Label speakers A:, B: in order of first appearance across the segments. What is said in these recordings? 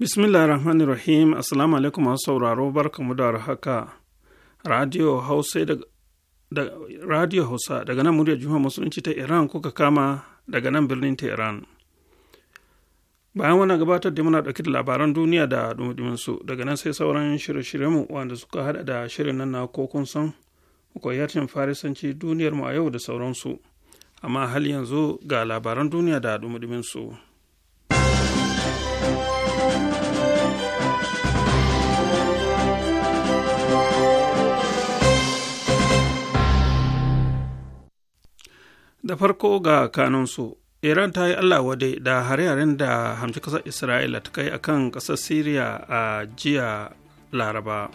A: Bismillah rahmanir rahim Assalamu alaikum masu sauraro barkamu da haka Radio Hausa daga nan muryar Juma Musulunci ta Iran kuka kama daga nan birnin Tehran. Bayan wannan gabatar da muna ɗauki da labaran duniya da dumudiminsu daga nan sai sauran shirye-shiryenmu wanda suka haɗa da shirin nan na ko kun san koyarcin farisanci duniyarmu a yau da sauransu. Amma hal yanzu ga labaran duniya da dumudiminsu. da farko ga kanunsu iran ta yi allah wade da hare-haren da hamshi kasar isra'ila ta kai akan kasar syria a jiya laraba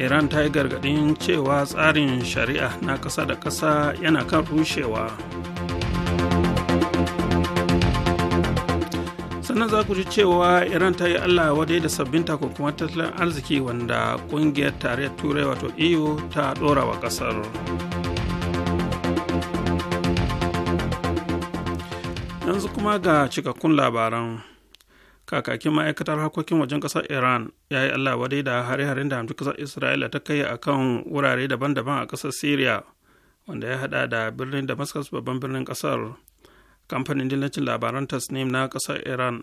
A: iran ta yi gargadin cewa tsarin shari'a na kasa da kasa yana kan rushewa sannan za ku ji cewa iran ta yi allah wadai da sabbin takunkuman tattalin arziki wanda kungiyar tarayyar turai wato eu ta dora wa kasar yanzu kuma ga cikakkun labaran kakakin ma'aikatar harkokin wajen kasar iran ya yi allah wadai da hare-haren da hamdu kasar isra'ila ta kai a kan wurare daban-daban a kasar syria wanda ya haɗa da birnin damascus babban birnin kasar kamfanin dillacin labaran tasnim na kasar iran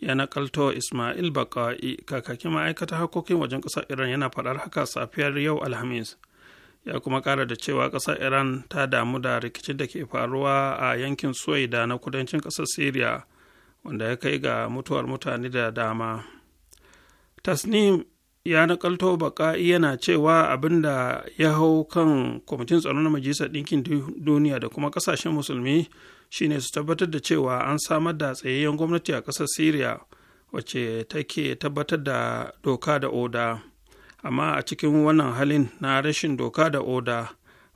A: ya nakalto ismail baka'i kakakin ma'aikatar harkokin wajen ƙasar iran yana faɗar haka safiyar yau alhamis ya kuma kara da cewa ƙasar iran ta damu da rikicin da ke faruwa a yankin da na kudancin kasar syria wanda ya kai ga mutuwar mutane da dama tasnim ya nakalto baka'i yana cewa abin da ya hau kan kwamitin tsaro na majalisar ɗinkin duniya da kuma ƙasashen musulmi shine su tabbatar da cewa an samar da tsayayyen gwamnati a ƙasar syria wacce take tabbatar da doka da oda amma a cikin wannan halin na rashin doka da oda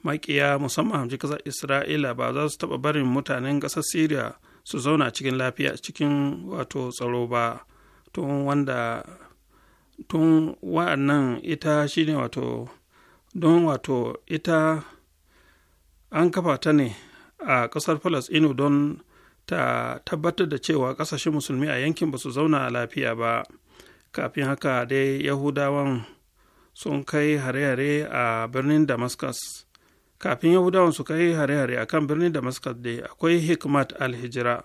A: makiya musamman hamji ƙasar isra'ila ba za su taɓa barin mutanen ƙasar syria su zauna cikin lafiya cikin wato tsaro ba tun wanda tun wa'annan ita shine wato don wato ita an kafa ta ne a ƙasar inu don ta tabbatar da cewa ƙasashen musulmi a yankin ba su zauna lafiya ba kafin haka dai yahudawan sun kai hare-hare a birnin damascus kafin yahudawan su kai hare-hare a kan birnin damascus dai akwai hikmat alhijira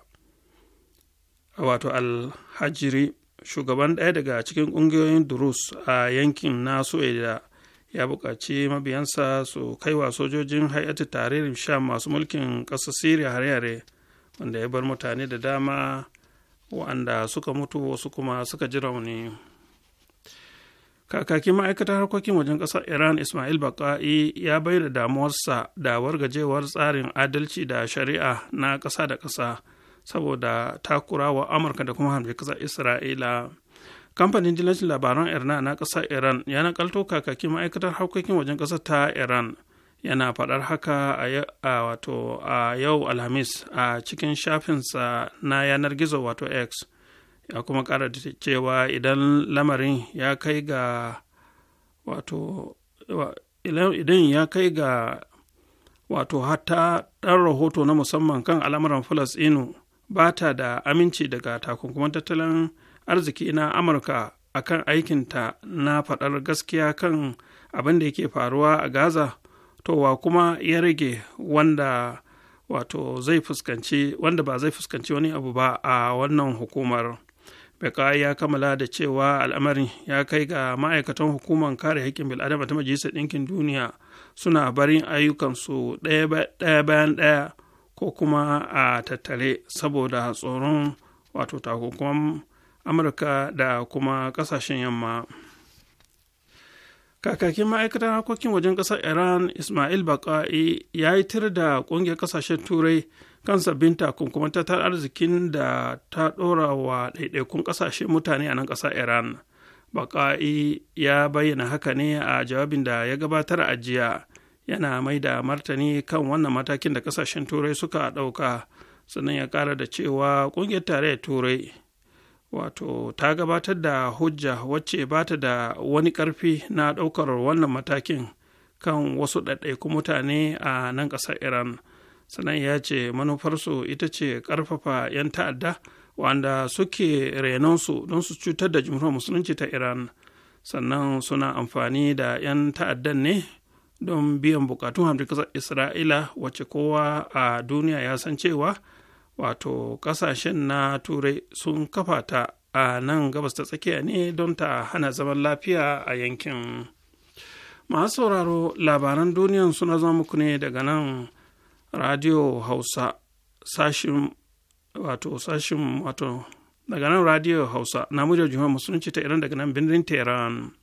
A: wato alhajiri shugaban ɗaya daga cikin ƙungiyoyin durus a yankin na su'eda ya buƙaci mabiyansa su kaiwa sojojin hayati tarihin sha masu mulkin ƙasar siriya hare-hare wanda ya bar mutane da dama wa'anda suka mutu wasu kuma suka ji rauni kakakin ma'aikatar harkokin wajen ƙasar iran ismail baka'i ya bai da damuwarsa da wargajewar tsarin adalci da shari'a na ƙasa da ƙasa saboda takurawa amurka da kuma hamshe ƙasar isra'ila kamfanin dillancin labaran irna na ƙasar iran ya nakalto kakakin ma'aikatar harkokin wajen ƙasar ta iran yana faɗar haka a wato a yau alhamis a cikin shafinsa na yanar gizo wato x ya kuma ƙara cewa idan lamarin ya kai ga wato idan ya kai ga wato hatta ɗan rahoto na musamman kan al'amuran inu ba ta da aminci daga takunkuman tattalin arziki na amurka a akan aikinta na faɗar gaskiya kan abin da yake faruwa a gaza to wa kuma ya rage wanda wato zai fuskanci wanda ba zai fuskanci wani abu ba a wannan hukumar beka ya kammala da cewa al'amarin ya kai ga ma'aikatan hukumar kare haƙƙin bil'adama ta majalisar ɗinkin duniya suna barin ayyukansu ɗaya bayan ɗaya ko kuma a tattare saboda tsoron wato takunkuman amurka da kuma kasashen yamma kakakin ma'aikatar harkokin wajen ƙasar iran ismail baka'i ya yi tir da ƙungiyar ƙasashen turai kan sabbin takunkuman tattalin arzikin da ta ɗora wa ɗaiɗaikun ƙasashen mutane a nan ƙasar iran baka'i ya bayyana haka ne a jawabin da ya gabatar a jiya yana mai da martani kan wannan matakin da ƙasashen turai suka ɗauka sannan ya ƙara da cewa ƙungiyar tarayyar turai wato ta gabatar da hujja wacce ba ta da wani ƙarfi na ɗaukar wannan matakin kan wasu ɗaiɗaiku mutane a nan ƙasar iran sannan ya ce manufarsu ita ce ƙarfafa 'yan ta'adda wanda suke renonsu don su cutar da jumhuriyar musulunci ta iran sannan suna amfani da 'yan ta'addan ne don biyan bukatun hamdukasar isra'ila wacce kowa a duniya ya san cewa wato ƙasashen na turai sun kafa ta a nan gabas ta tsakiya ne don ta hana zaman lafiya a yankin masu sauraro labaran duniyan suna zama muku ne daga nan radio hausa sashin wato sashin wato daga nan radio hausa na mu juma'a musulunci ta iran daga nan birnin tehran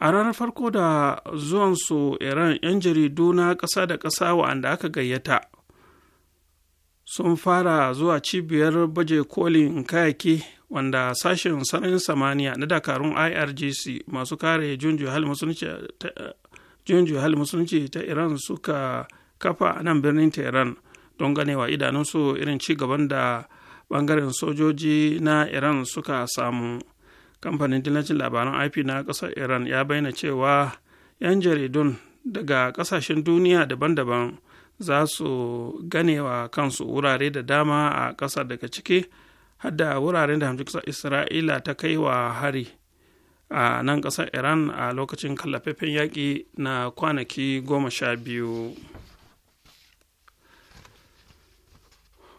A: a ranar farko da zuwansu iran yan jaridu na ƙasa da ƙasa wa'anda aka gayyata sun fara zuwa cibiyar baje kolin kayaki wanda sashen sararin samaniya na dakarun irgc masu kare junju hal musulunci ta iran suka kafa a nan birnin tehran don ganewa idanunsu irin ci gaban da bangaren sojoji na iran suka samu kamfanin dillacin labaran ip na kasar iran ya bayyana cewa 'yan jaridun daga kasashen duniya daban-daban za su ganewa kansu wurare da dama a ƙasa daga ciki hadda wuraren da hamjikisar isra'ila ta kai wa hari a nan ƙasar iran a lokacin kallafafen yaƙi na kwanaki goma sha biyu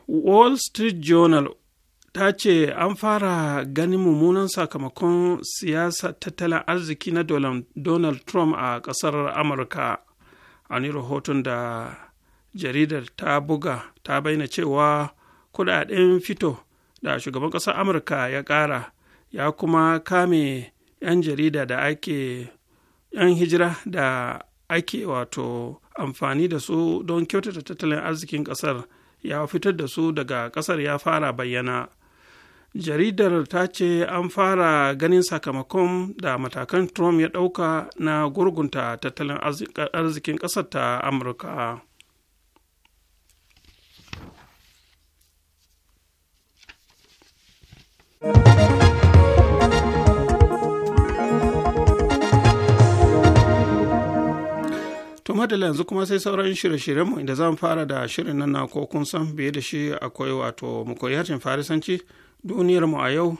A: wall street journal ta ce an fara ganin mummunan sakamakon siyasar tattalin arziki na donald trump a ƙasar amurka a ni rahoton da jaridar ta buga ta bayyana cewa kudaden fito da shugaban ƙasar amurka ya ƙara ya kuma kame 'yan jarida da ake 'yan hijira da ake wato amfani da su don kyautata tattalin arzikin ƙasar ya fitar da su daga ƙasar ya fara bayyana jaridar ta ce an fara ganin sakamakon da matakan trump ya ɗauka na gurgunta tattalin arzikin ƙasar ta amurka To madalla yanzu kuma sai sauran shirye-shiryenmu inda zan fara da shirin nan na ko kun san biye da shi akwai wato mukoyarcin farisanci duniyarmu a yau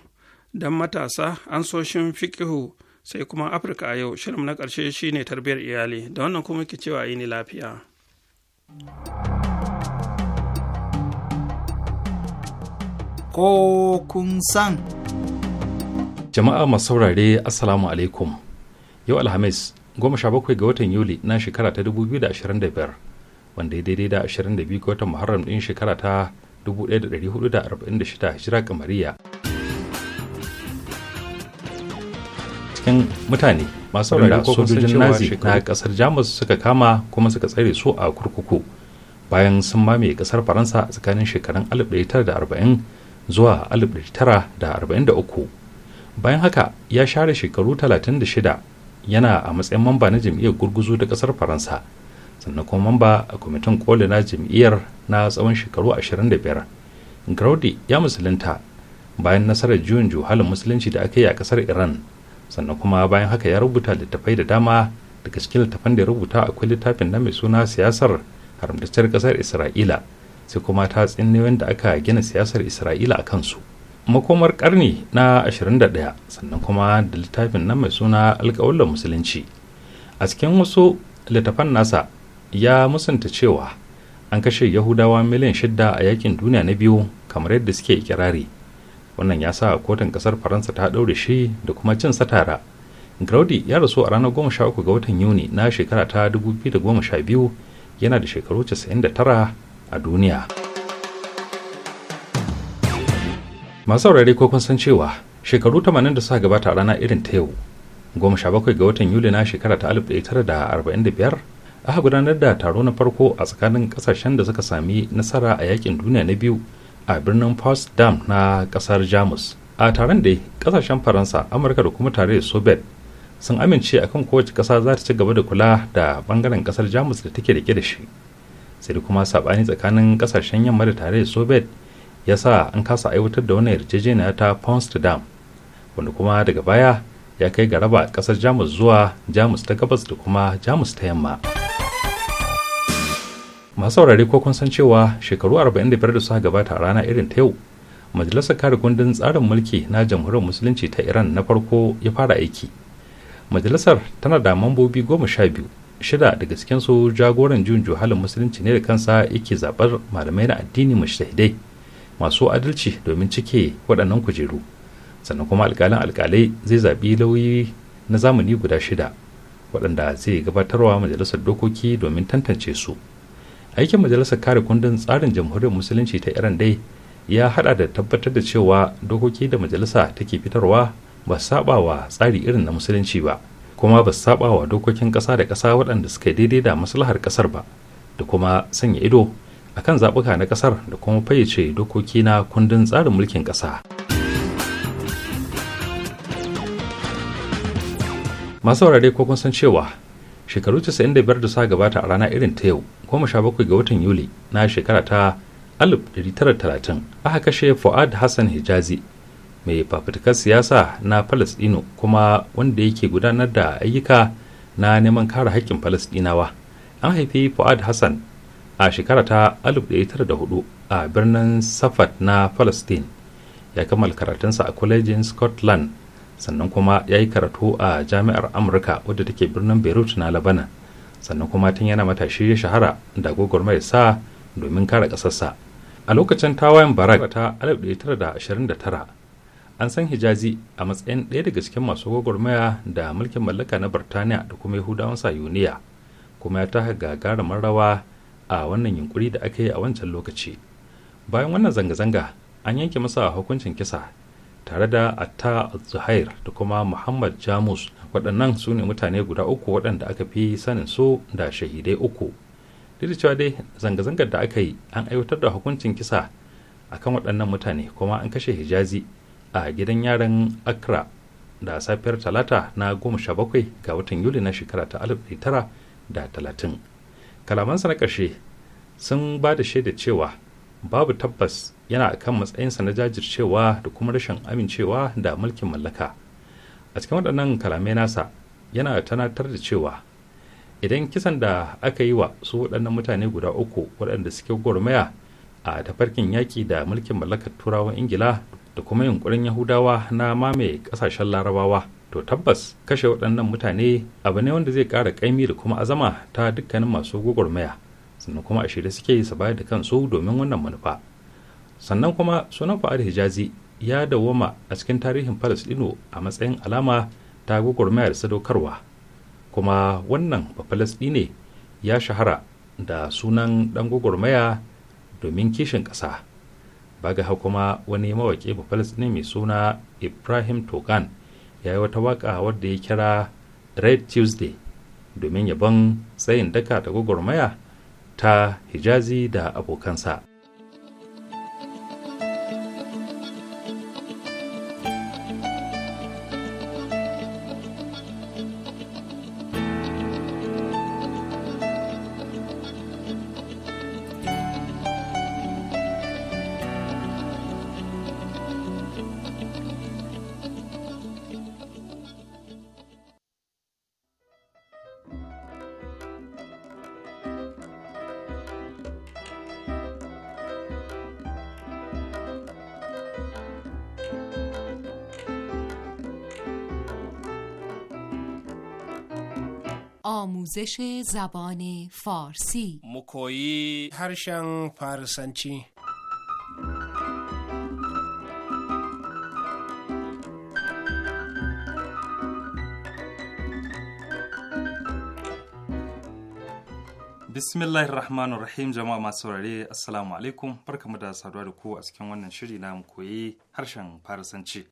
A: don matasa an shin fikihu sai kuma afirka a yau shirin na karshe shine tarbiyar iyali da wannan kuma ke cewa yi ni lafiya.
B: ko kun san.
C: Jama'a masu saurare Assalamu alaikum. Yau Alhamis, goma sha bakwai ga watan Yuli na shekara ta 2025, wanda ya daidai da 22 ga watan Muharram ɗin shekara ta 1446 hijira kamariya. Cikin mutane masu saurare ko sojojin Nazi na ƙasar Jamus suka kama kuma suka tsare su a kurkuku. bayan sun mamaye kasar faransa tsakanin shekarun 1940 zuwa 1943 bayan haka ya share shekaru 36 yana a matsayin mamba na jam'iyyar gurguzu da kasar faransa sannan kuma mamba a kwamitin koli na jam'iyyar na tsawon shekaru 25 graudi ya musulunta bayan nasarar juyin juhalin musulunci da aka yi a kasar iran sannan kuma bayan haka ya rubuta littattafai da dama daga cikin littattafan da ya rubuta akwai littafin na mai suna siyasar haramtacciyar kasar isra'ila sai kuma ta tsinniyoyin da aka gina siyasar isra'ila a kansu makomar karni na 21 sannan kuma da littafin nan mai suna alkawallar musulunci a cikin wasu littafan nasa ya musanta cewa an kashe yahudawa miliyan shida a yakin duniya na biyu kamar yadda suke ikirari wannan ya sa kotun kasar faransa ta ɗaure shi da kuma cin satara graudi ya rasu a ranar 13 ga watan yuni na shekara ta 2012 yana da shekaru 99 a duniya masu saurari ko kun san cewa shekaru 80 da suka gabata a rana irin ta yau 17 ga watan yuli na shekara ta 1945 aka gudanar da taro na farko a tsakanin kasashen da suka sami nasara a yakin duniya na biyu a birnin potsdam na kasar jamus a taron da kasashen faransa amurka da kuma tare da soviet sun amince akan kowace kasa za ta ci gaba da kula da bangaren kasar jamus da take rike da shi sai da kuma sabani tsakanin kasashen yamma da tare da soviet ya sa an kasa aiwatar da wani yarjejeniya ta potsdam wanda kuma daga baya ya kai ga raba ƙasar jamus zuwa jamus ta gabas da kuma jamus ta yamma masu saurare ko kun san cewa shekaru 45 da suka gabata a rana irin ta yau majalisar kare kundin tsarin mulki na jamhuriyar musulunci ta iran na farko ya fara aiki majalisar tana da mambobi goma sha biyu shida daga su jagoran juyin juhalin musulunci ne da kansa yake zabar malamai na addini mushtahidai masu adalci domin cike waɗannan kujeru sannan kuma alƙalin alƙalai zai zaɓi lauyi na zamani guda shida waɗanda zai gabatarwa majalisar dokoki domin tantance su aikin majalisar kare kundin tsarin jamhuriyar musulunci ta iran dai ya haɗa da tabbatar da cewa dokoki da majalisa take fitarwa ba saba wa tsari irin na musulunci ba kuma ba su saba wa dokokin ƙasa da ƙasa waɗanda suka daidai da maslahar ƙasar ba da kuma sanya ido a kan zaɓuka na ƙasar da kuma fayyace dokoki na kundin tsarin mulkin ƙasa. masu saurare ko kun san cewa shekaru 95 da sa gabata a rana irin ta yau sha bakwai ga watan yuli na shekara ta 1930 aka kashe fuad hassan hijazi mai fafutukar siyasa na palestino kuma wanda yake gudanar da ayyuka na neman kare haƙƙin falasɗinawa an haifi fuad hassan a shekara ta 1904 a birnin safad na palestine ya kammala karatunsa a kwalejin scotland sannan kuma ya yi karatu a jami'ar amurka wadda take birnin beirut na labanan sannan kuma tun yana matashi ya shahara da gwagwarmayar sa domin kare ƙasarsa a lokacin tawayen barak ta 1929 an san hijazi a matsayin ɗaya daga cikin masu gwagwarmaya da mulkin mallaka na birtaniya da kuma yahudawan sayuniya kuma ya taka gagarumin rawa a wannan yunkuri da aka yi a wancan lokaci bayan wannan zanga-zanga an yanke masa hukuncin kisa tare da atta zuhair da kuma muhammad jamus waɗannan su ne mutane guda uku waɗanda aka fi sanin su da shahidai uku duk da cewa dai zanga-zangar da aka yi an aiwatar da hukuncin kisa akan waɗannan mutane kuma an kashe hijazi a gidan yaran accra da safiyar talata na 17 ga watan yuli na shekara ta 1930 kalamansa na ƙarshe sun ba da shaida cewa babu tabbas yana kan matsayinsa na jajircewa da kuma rashin amincewa da mulkin mallaka a cikin waɗannan kalamai nasa yana tanatar da cewa idan kisan da aka yi wa su waɗannan mutane guda uku waɗanda suke gwarmaya a tafarkin yaƙi da mulkin mallakar turawan ingila da kuma yunkurin yahudawa na mamaye kasashen larabawa to tabbas kashe waɗannan mutane abu ne wanda zai ƙara ƙaimi da kuma azama ta dukkanin masu gwagwarmaya sannan kuma a shirye suke su bayar da kansu domin wannan manufa sannan kuma sunan fa'ad hijazi ya dawwama a cikin tarihin palestino a matsayin alama ta gwagwarmaya da sadaukarwa kuma wannan ne ya shahara da sunan ɗan gwagwarmaya domin kishin ƙasa baga kuma wani mawaƙi ne mai suna ibrahim tokan ya yi wata waka wadda ya kira red tuesday domin yabon tsayin daka da gwagwarmaya ta hijazi da abokansa
D: آموزش زبان فارسی
C: مکویی
D: هرشن فارسنچی
C: bismillahi rahmanu rahim jama'a masu saurare assalamu alaikum barkamu da saduwa da ku a cikin wannan shiri na mu koyi harshen farisanci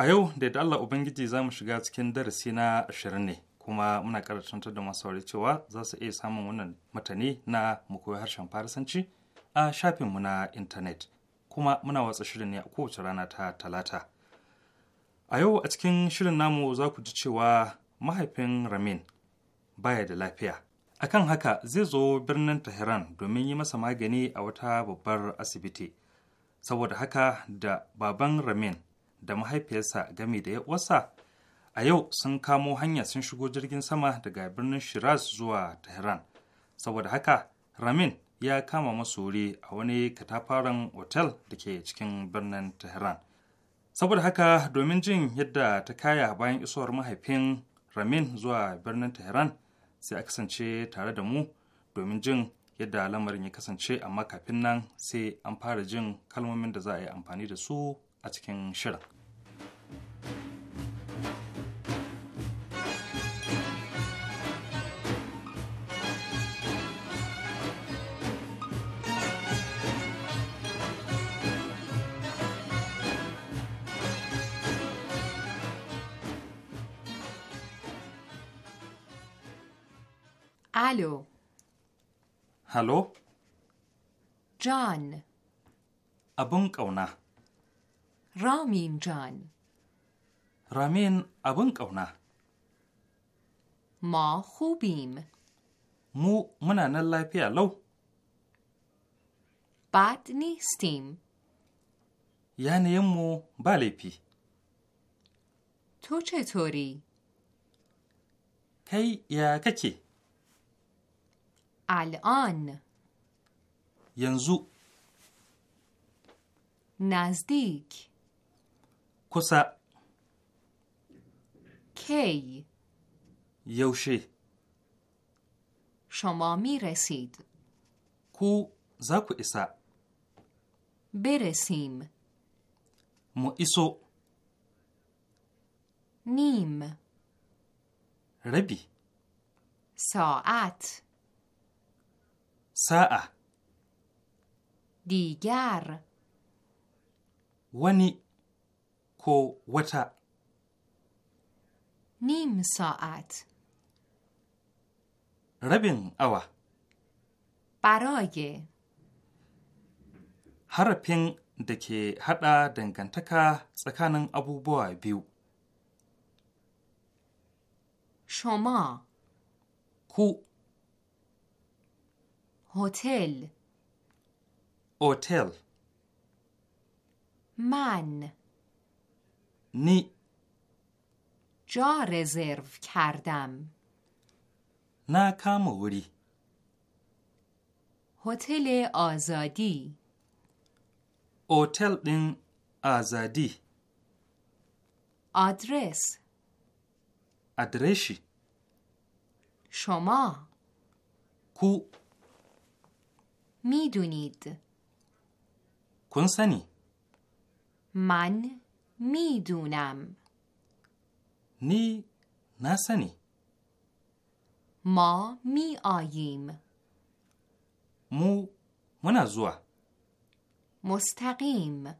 C: a yau da da Allah ubangiji za mu shiga cikin darasi na ashirin ne kuma muna ƙara da masu saurari cewa za su iya samun wannan matane na mu koyi harshen farisanci a shafinmu na intanet kuma muna watsa shirin ne a kowace rana ta talata a yau a cikin shirin namu za ku ji cewa mahaifin ramin baya da lafiya akan haka zai zo birnin tehran domin yi masa magani a wata babbar asibiti saboda haka da baban ramin da mahaifiyarsa game da ya a yau sun kamo hanya sun shigo jirgin sama daga birnin shiraz zuwa tehran saboda haka ramin ya kama masu wuri a wani katafaren otel da ke cikin birnin tehran saboda haka domin jin yadda ta kaya bayan isowar mahaifin ramin zuwa birnin tehran sai a kasance tare da mu domin jin yadda lamarin ya kasance amma kafin nan sai an fara jin kalmomin da za a yi amfani da su a cikin shirin Alo. Hallo?
D: John.
C: Abun ƙauna.
D: Ramin John.
C: Ramin abun ƙauna.
D: Ma hubim.
C: Mu muna nan lafiya lau.
D: Bat ni steam.
C: Yanayinmu ba laifi.
D: To ce tori.
C: Kai ya kake?
D: الان ینزو نزدیک کسا کی یوشی شما می رسید کو زاکو ایسا برسیم مو ایسو نیم ربی ساعت sa'a
C: digar Wani ko wata?
D: nim sa'at
C: rabin awa برای harafin da ke haɗa dangantaka tsakanin abubuwa biyu.
D: Shoma Ku هتل هتل من نی جا رزرو کردم
C: نه کاموری
D: هتل آزادی
C: هتل دین آزادی
D: آدرس
C: آدرشی،
D: شما کو میدونید کون من میدونم
C: نی نسنی
D: ما می آییم
C: مو من
D: مستقیم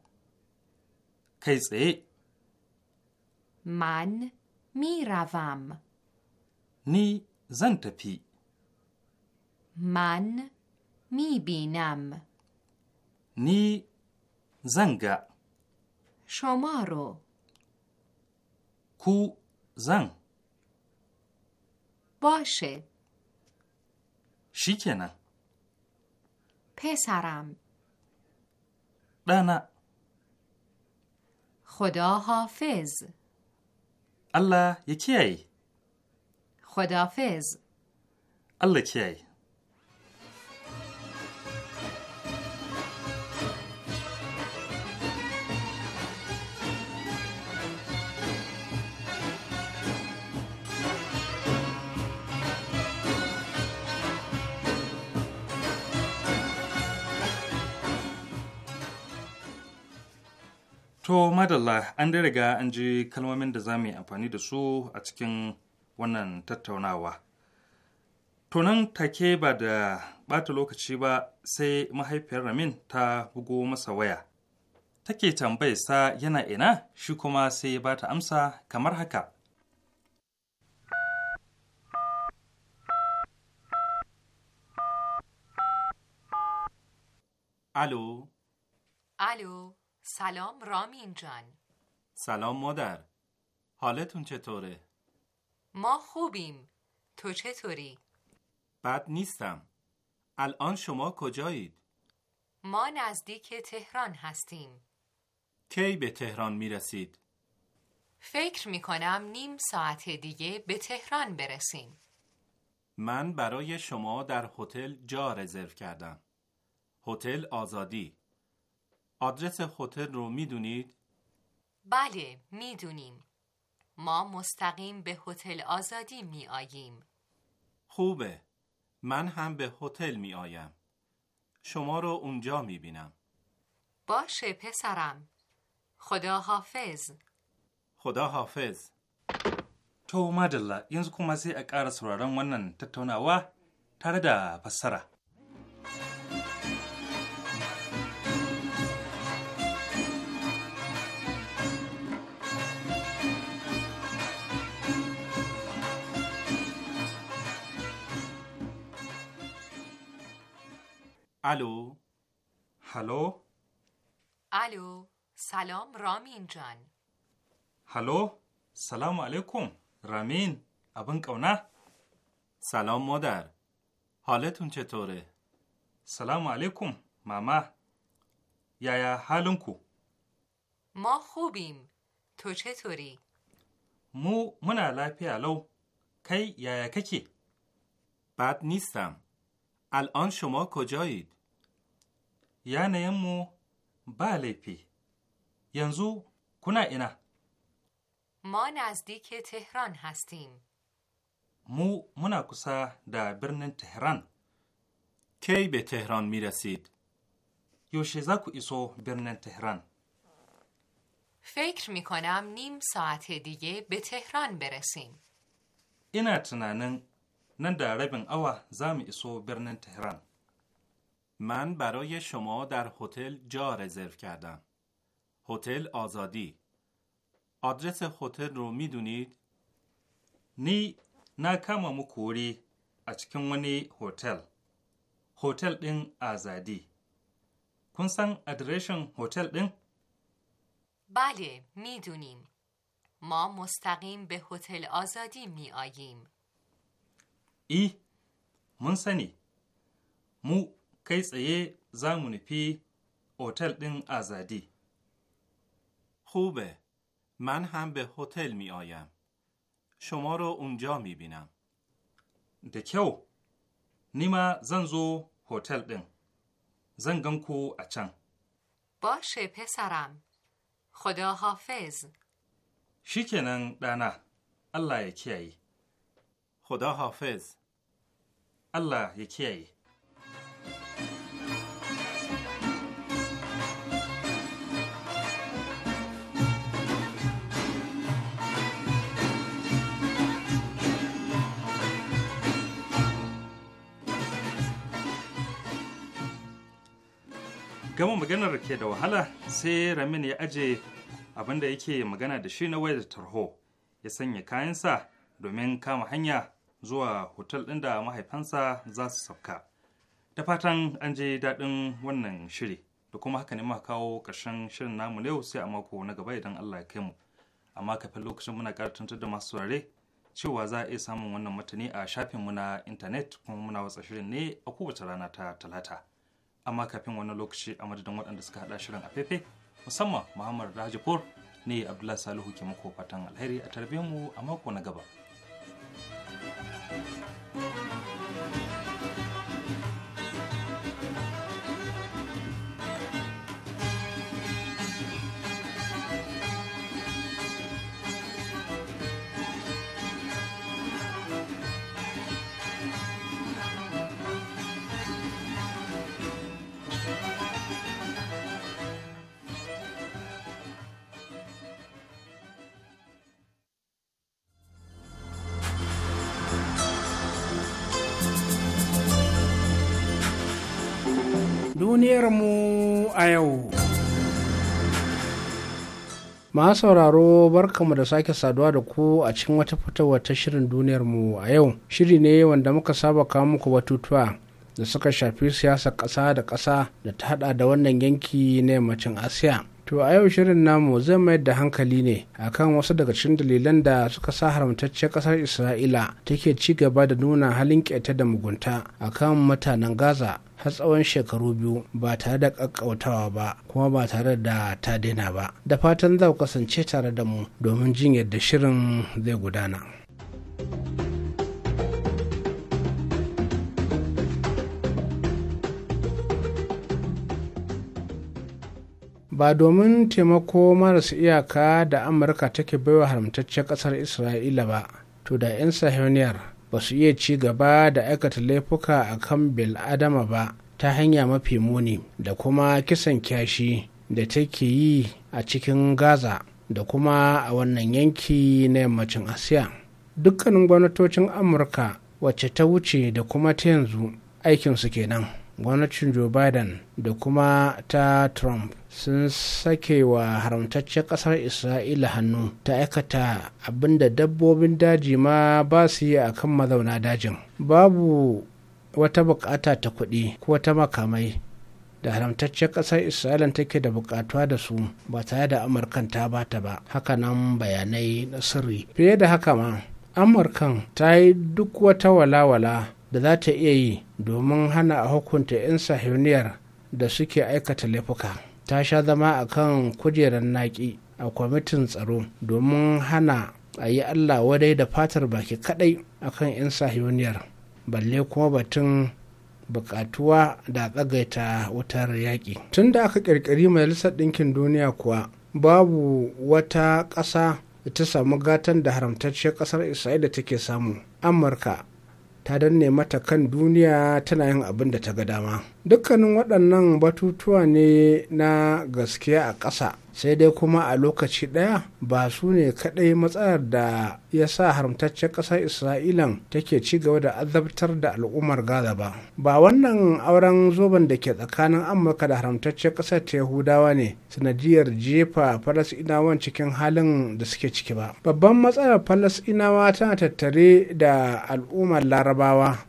C: کیسه
D: من می روم
C: نی زن تپی
D: من می بینم
C: نی زنگ
D: شما رو کو زن باشه
C: شیکنه
D: پسرم دانا خدا حافظ
C: الله یکی ای
D: خدا حافظ
C: الله کی To madalla an dai riga an ji kalmomin da za mu yi amfani da su a cikin wannan tattaunawa. To nan take ba da ɓata lokaci ba sai mahaifiyar Ramin ta bugo masa waya. Take sa yana ina shi kuma sai ya bata amsa kamar haka.
E: Alo.
D: Alo. سلام رامین جان
E: سلام مادر حالتون چطوره؟
D: ما خوبیم تو چطوری؟
E: بد نیستم الان شما کجایید؟
D: ما نزدیک تهران هستیم
E: کی به تهران می رسید؟
D: فکر می کنم نیم ساعت دیگه به تهران برسیم
E: من برای شما در هتل جا رزرو کردم هتل آزادی آدرس هتل رو میدونید؟
D: بله میدونیم ما مستقیم به هتل آزادی می آییم
E: خوبه من هم به هتل می آیم شما رو اونجا می بینم
D: باشه پسرم خدا حافظ
C: خدا حافظ تو madalla yanzu kuma مزی اکار ونن wannan tattaunawa tare da الو هلو
D: الو سلام رامین جان
C: هلو سلام علیکم رامین ابن کونه سلام مادر حالتون چطوره سلام علیکم ماما حالون حالونکو
D: ما خوبیم تو چطوری
C: مو منا لافیا لو کی یا ککی بد نیستم الان شما کجایید؟ یعنی مو بله پی ینزو کنه اینا
D: ما نزدیک تهران هستیم
C: مو مناکسا در برن تهران کی به تهران می رسید؟ کو ایسو برن تهران
D: فکر می کنم نیم ساعت دیگه به تهران برسیم
C: اینا تنانن نن در ربن اوا زام ایسو برنن تهران من برای شما در هتل
E: جا رزرو کردم هتل آزادی آدرس هتل
C: رو میدونید نی نا کوری مکوری اچکن هتل هتل دن آزادی کنسان ادرشن هتل دن
D: بله میدونیم ما مستقیم به هتل آزادی می آییم.
C: i mun sani mu kai tsaye za mu nufi otel ɗin azadi hube man ham be hotel mi آیم شما رو اونجا می da kyau nima zan zo hotel ɗin zan gan ku a can
D: باشه پسرم خدا حافظ
C: shikenan ɗana Allah ya kiyaye خدا حافظ الله یکی gama maganar ke da wahala sai ramin ya aje abinda yake magana da shi na wayar tarho ya sanya kayansa domin kama hanya zuwa hotel ɗin da mahaifansa za su sauka. Da fatan an je daɗin wannan shiri da kuma haka ne ma kawo ƙarshen shirin namu yau sai a mako na gaba idan Allah ya kai mu. Amma kafin lokacin muna ƙara tantar da masu saurare cewa za a iya samun wannan matani a shafin mu na intanet kuma muna watsa shirin ne a kowace rana ta talata. Amma kafin wani lokaci a madadin waɗanda suka haɗa shirin a fefe musamman Muhammad Rajapur ne Abdullahi Salihu ke muku fatan alheri a tarbe mu a mako na gaba.
F: yau. Ma sauraro barkamu da sake saduwa da ku a cikin wata fitowar ta shirin duniyarmu a yau. Shiri ne wanda muka saba kawo muku batutuwa da suka shafi siyasar ƙasa da ƙasa da ta haɗa da wannan yanki na yammacin Asiya. To a yau shirin namu zai mayar da hankali ne akan wasu daga cikin dalilan da suka sa haramtacciyar kasar Isra'ila take ci gaba da nuna halin ƙeta da mugunta akan mutanen Gaza har tsawon shekaru biyu ba tare da ƙaƙƙautawa ba kuma ba tare da ta daina ba. Da fatan za ku kasance tare da mu domin jin yadda shirin zai gudana. ba domin taimako marasa iyaka da amurka take baiwa haramtaccen kasar isra'ila ba to da 'yan sahuniyar ba su iya ci gaba da aikata laifuka a kan bil'adama ba ta hanya mafi muni da kuma kisan kyashi da take yi a cikin gaza da kuma a wannan yanki na yammacin asiya dukkanin gwamnatocin amurka wacce ta wuce da kuma ta yanzu aikinsu kenan gwamnatin joe biden da kuma ta trump sun sake wa haramtaccen ƙasar isra'ila hannu ta aikata abinda dabbobin daji ma ba su yi a kan mazauna dajin babu wata bukata ta kuɗi ko ta makamai da haramtaccen ƙasar isra'ila take da bukatuwa da su ba tare da amurkan ta bata ba hakanan bayanai na sirri fiye da haka ma amurkan ta yi duk wata walawala da za ta iya yi domin hana a hukunta 'yan sahiyoniyar da suke aikata laifuka ta sha zama a kan kujerar naƙi a kwamitin tsaro domin hana a yi allah wadai da fatar baki kadai a kan 'yan sahiyoniyar balle kuma batun bukatuwa da tsagaita wutar yaƙi tun da aka ƙirƙiri majalisar ɗinkin duniya kuwa babu wata ƙasa ta samu gatan da haramtacciyar ƙasar isra'ila take samu amurka ta danne mata kan duniya tana yin abin da ta ga dama dukkanin waɗannan batutuwa ne na gaskiya a ƙasa sai dai kuma a lokaci ɗaya ba su ne kaɗai matsalar da ya sa haramtaccen ƙasar isra'ilan take ci gaba da azabtar da al'ummar gaza ba ba wannan auren zoben da ke tsakanin amurka da haramtaccen ƙasar ta yahudawa ne sanadiyar jefa falasɗinawan cikin halin da suke ciki ba babban matsalar falasɗinawa tana tattare da al'ummar larabawa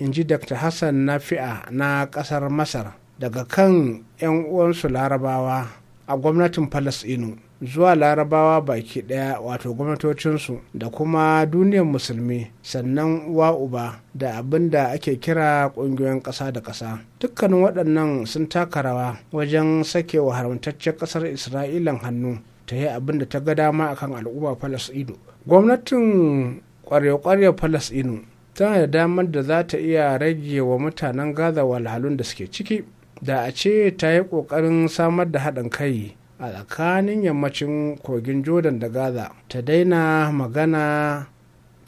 F: in ji dr hassan nafi'a na ƙasar masar daga kan 'yan uwansu larabawa a gwamnatin falasɗinu zuwa larabawa baki ɗaya wato gwamnatocinsu da kuma duniyar musulmi sannan uwa uba da abin da ake kira ƙungiyoyin ƙasa da ƙasa dukkanin waɗannan sun taka rawa wajen sake wa haramtaccen ƙasar isra'ilan hannu ta yi abin da ta ga dama akan al'umma falasɗinu gwamnatin ƙwarya-ƙwarya falasɗinu tana da damar da za ta iya rage wa mutanen gaza walhalun da suke ciki da a ce ta yi ƙoƙarin samar da haɗin kai a tsakanin yammacin kogin jordan da gaza ta daina magana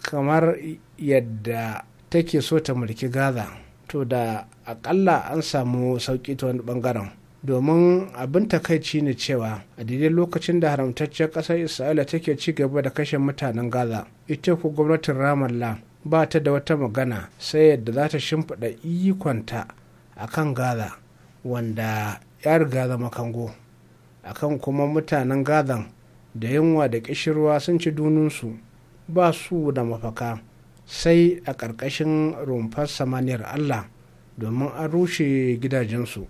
F: kamar yadda take so ta mulki gaza to da aƙalla an samu sauƙi ta wani ɓangaren domin abin takaici ne cewa a daidai lokacin da haramtacciyar ƙasar isra'ila take ci gaba da kashe mutanen gaza ita ku gwamnatin ramallah ba ta da wata magana sai yadda za ta shimfiɗa ikonta a kan gaza wanda ya riga zama kango akan kuma mutanen gazan da yunwa da kishirwa sun ci dununsu ba su da mafaka sai a ƙarƙashin rumfar samaniyar allah domin an rushe gidajensu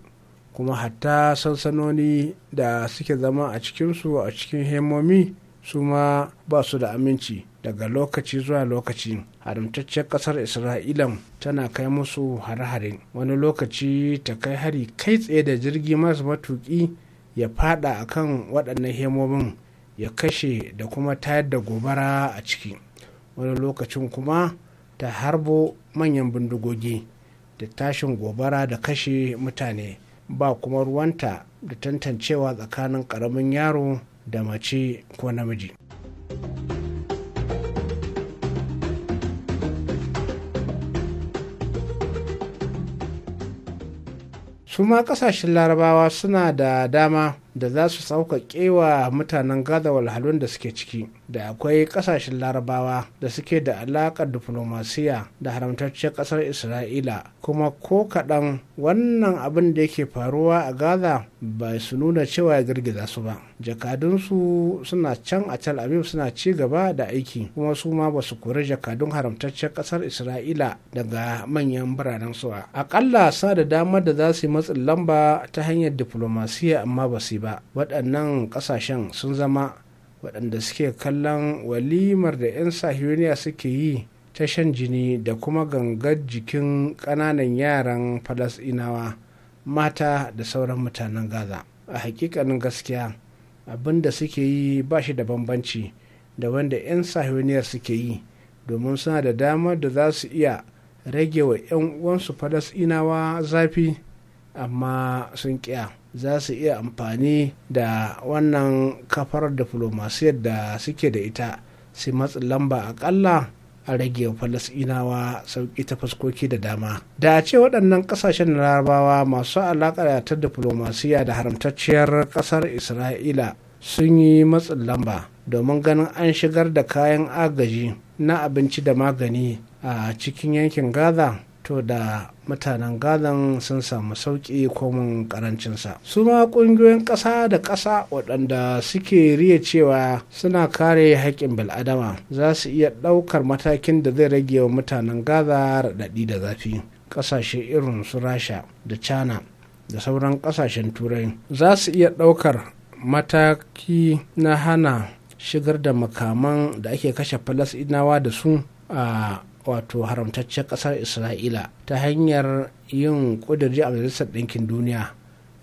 F: kuma hatta sansanoni da suke zama a cikinsu a cikin hemomi su ma ba su da aminci daga lokaci zuwa lokaci haramtacciyar kasar isra'ila tana kai musu hare-hare wani lokaci ta kai hari kai tsaye da jirgi masu matuki ya fada kan waɗannan hemomin ya kashe da kuma tayar da gobara a ciki wani lokacin kuma ta harbo manyan bindigogi da tashin gobara da kashe mutane ba kuma ruwanta da tantancewa tsakanin ƙaramin yaro da mace ko namiji. su ma kasashen larabawa suna da dama da za su sauƙaƙe wa mutanen gaza walhalun da suke ciki da akwai kasashen larabawa da suke da alakar diflomasiya da haramtacciyar kasar isra'ila kuma ko kaɗan wannan abin da yake faruwa a gaza ba su nuna cewa ya girgiza su ba jakadunsu suna can a tel aviv suna ci gaba da aiki kuma su ma ba su kori jakadun haramtacciyar kasar isra'ila daga manyan biranen su ba akalla sa da damar da za su yi matsin lamba ta hanyar diflomasiya amma ba su ba waɗannan ƙasashen sun zama waɗanda suke kallon walimar da 'yan sahiyoniya suke yi ta shan jini da kuma gangar jikin ƙananan yaran falasinawa mata da sauran mutanen gaza a hakikanin gaskiya abin da suke yi ba shi da bambanci da wanda 'yan sahiyoniyar suke yi domin suna da damar da za su iya rage wa 'yan uwansu falasinawa zafi amma sun ƙiya. za su iya amfani da wannan kafar diflomasiyar da suke da ita sai matsin lamba akalla a rage falasinawa sauki ta faskoki da dama da ce waɗannan ƙasashen larabawa masu alaƙa da ta diflomasiya da haramtacciyar ƙasar isra'ila sun yi matsin lamba domin ganin an shigar da kayan agaji na abinci da magani a cikin yankin gaza to da mutanen gazan sun samu sauƙi komin karancinsa su ma ƙungiyoyin ƙasa da ƙasa waɗanda suke riya cewa suna kare haƙƙin bil'adama za su iya ɗaukar matakin da zai rage wa mutanen gaza raɗaɗi da zafi ƙasashe irin su rasha da china da sauran ƙasashen turai za su iya ɗaukar mataki na hana shigar da makaman da ake kashe falasɗinawa da su a wato haramtaccen ƙasar isra'ila ta hanyar yin ƙudurji a majalisar ɗinkin duniya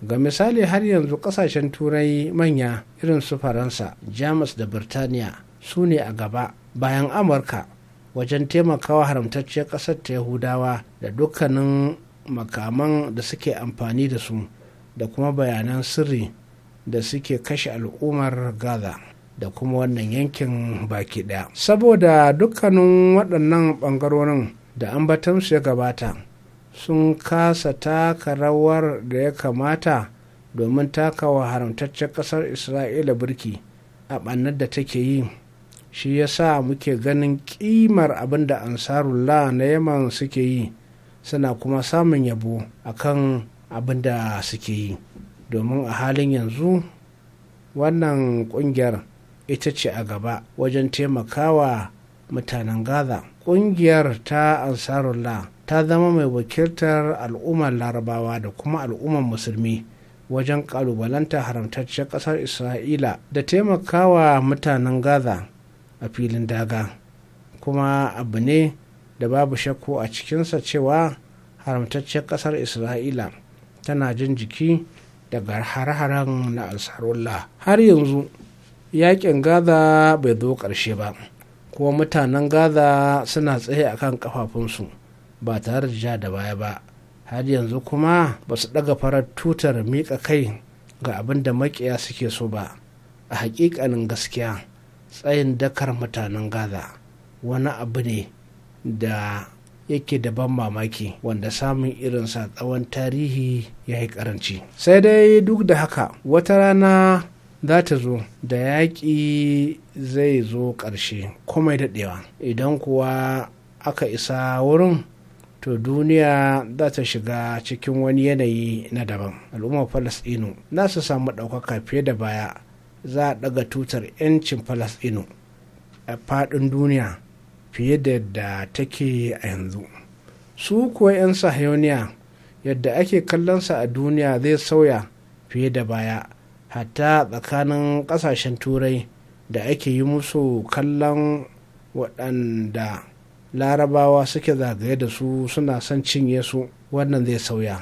F: ga misali har yanzu ƙasashen turai manya irin su faransa jamus da birtaniya su ne a gaba bayan amurka wajen taimakawa haramtacciyar ƙasar ta yahudawa da dukkanin makaman da suke amfani da su da kuma bayanan sirri da suke kashe al'ummar gaza da kuma wannan yankin baki ɗaya. saboda dukkanin waɗannan ɓangarorin da ambatansu ya gabata sun kasa taka rawar da ya kamata domin taka wa haramtaccen ƙasar isra'ila birki a ɓannar da take yi shi ya sa muke ganin ƙimar abin da ansarullah na yaman suke yi suna kuma samun yabo a kan abin da suke yi domin a halin yanzu wannan ƙungiyar ita ce a gaba wajen taimakawa mutanen gaza ƙungiyar ta ansarullah ta zama mai wakiltar al'ummar larabawa da kuma al'ummar musulmi wajen ƙalubalanta haramtacciyar ƙasar isra'ila da taimakawa mutanen gaza a filin daga kuma abu ne da babu shakku a cikinsa cewa haramtacciyar ƙasar isra'ila tana jin jiki daga har-haren na ansarullah har yanzu yakin gaza bai zo ƙarshe ba kuma mutanen gaza suna tsaye a kan kafafunsu ba tare da ja da baya ba har yanzu kuma ba su ɗaga farar tutar miƙa kai ga abin da makiya suke so ba a haƙiƙanin gaskiya tsayin dakar mutanen gaza wani abu ne da yake da ban mamaki wanda samun irinsa tsawon tarihi ya yi karanci sai dai duk da haka wata rana za ta zo da yaƙi zai zo ƙarshe komai daɗewa idan kuwa aka isa wurin to duniya za ta shiga cikin wani yanayi na daban al'ummar falasɗinu na su samu ɗaukaka fiye da baya za a ɗaga tutar 'yancin falasɗinu a faɗin duniya fiye da yadda take a yanzu su kuwa 'yan sahayoniya yadda ake kallonsa a duniya zai sauya fiye da baya hatta tsakanin ƙasashen turai da ake yi musu kallon waɗanda larabawa suke zagaye da su suna son cinye su wannan zai sauya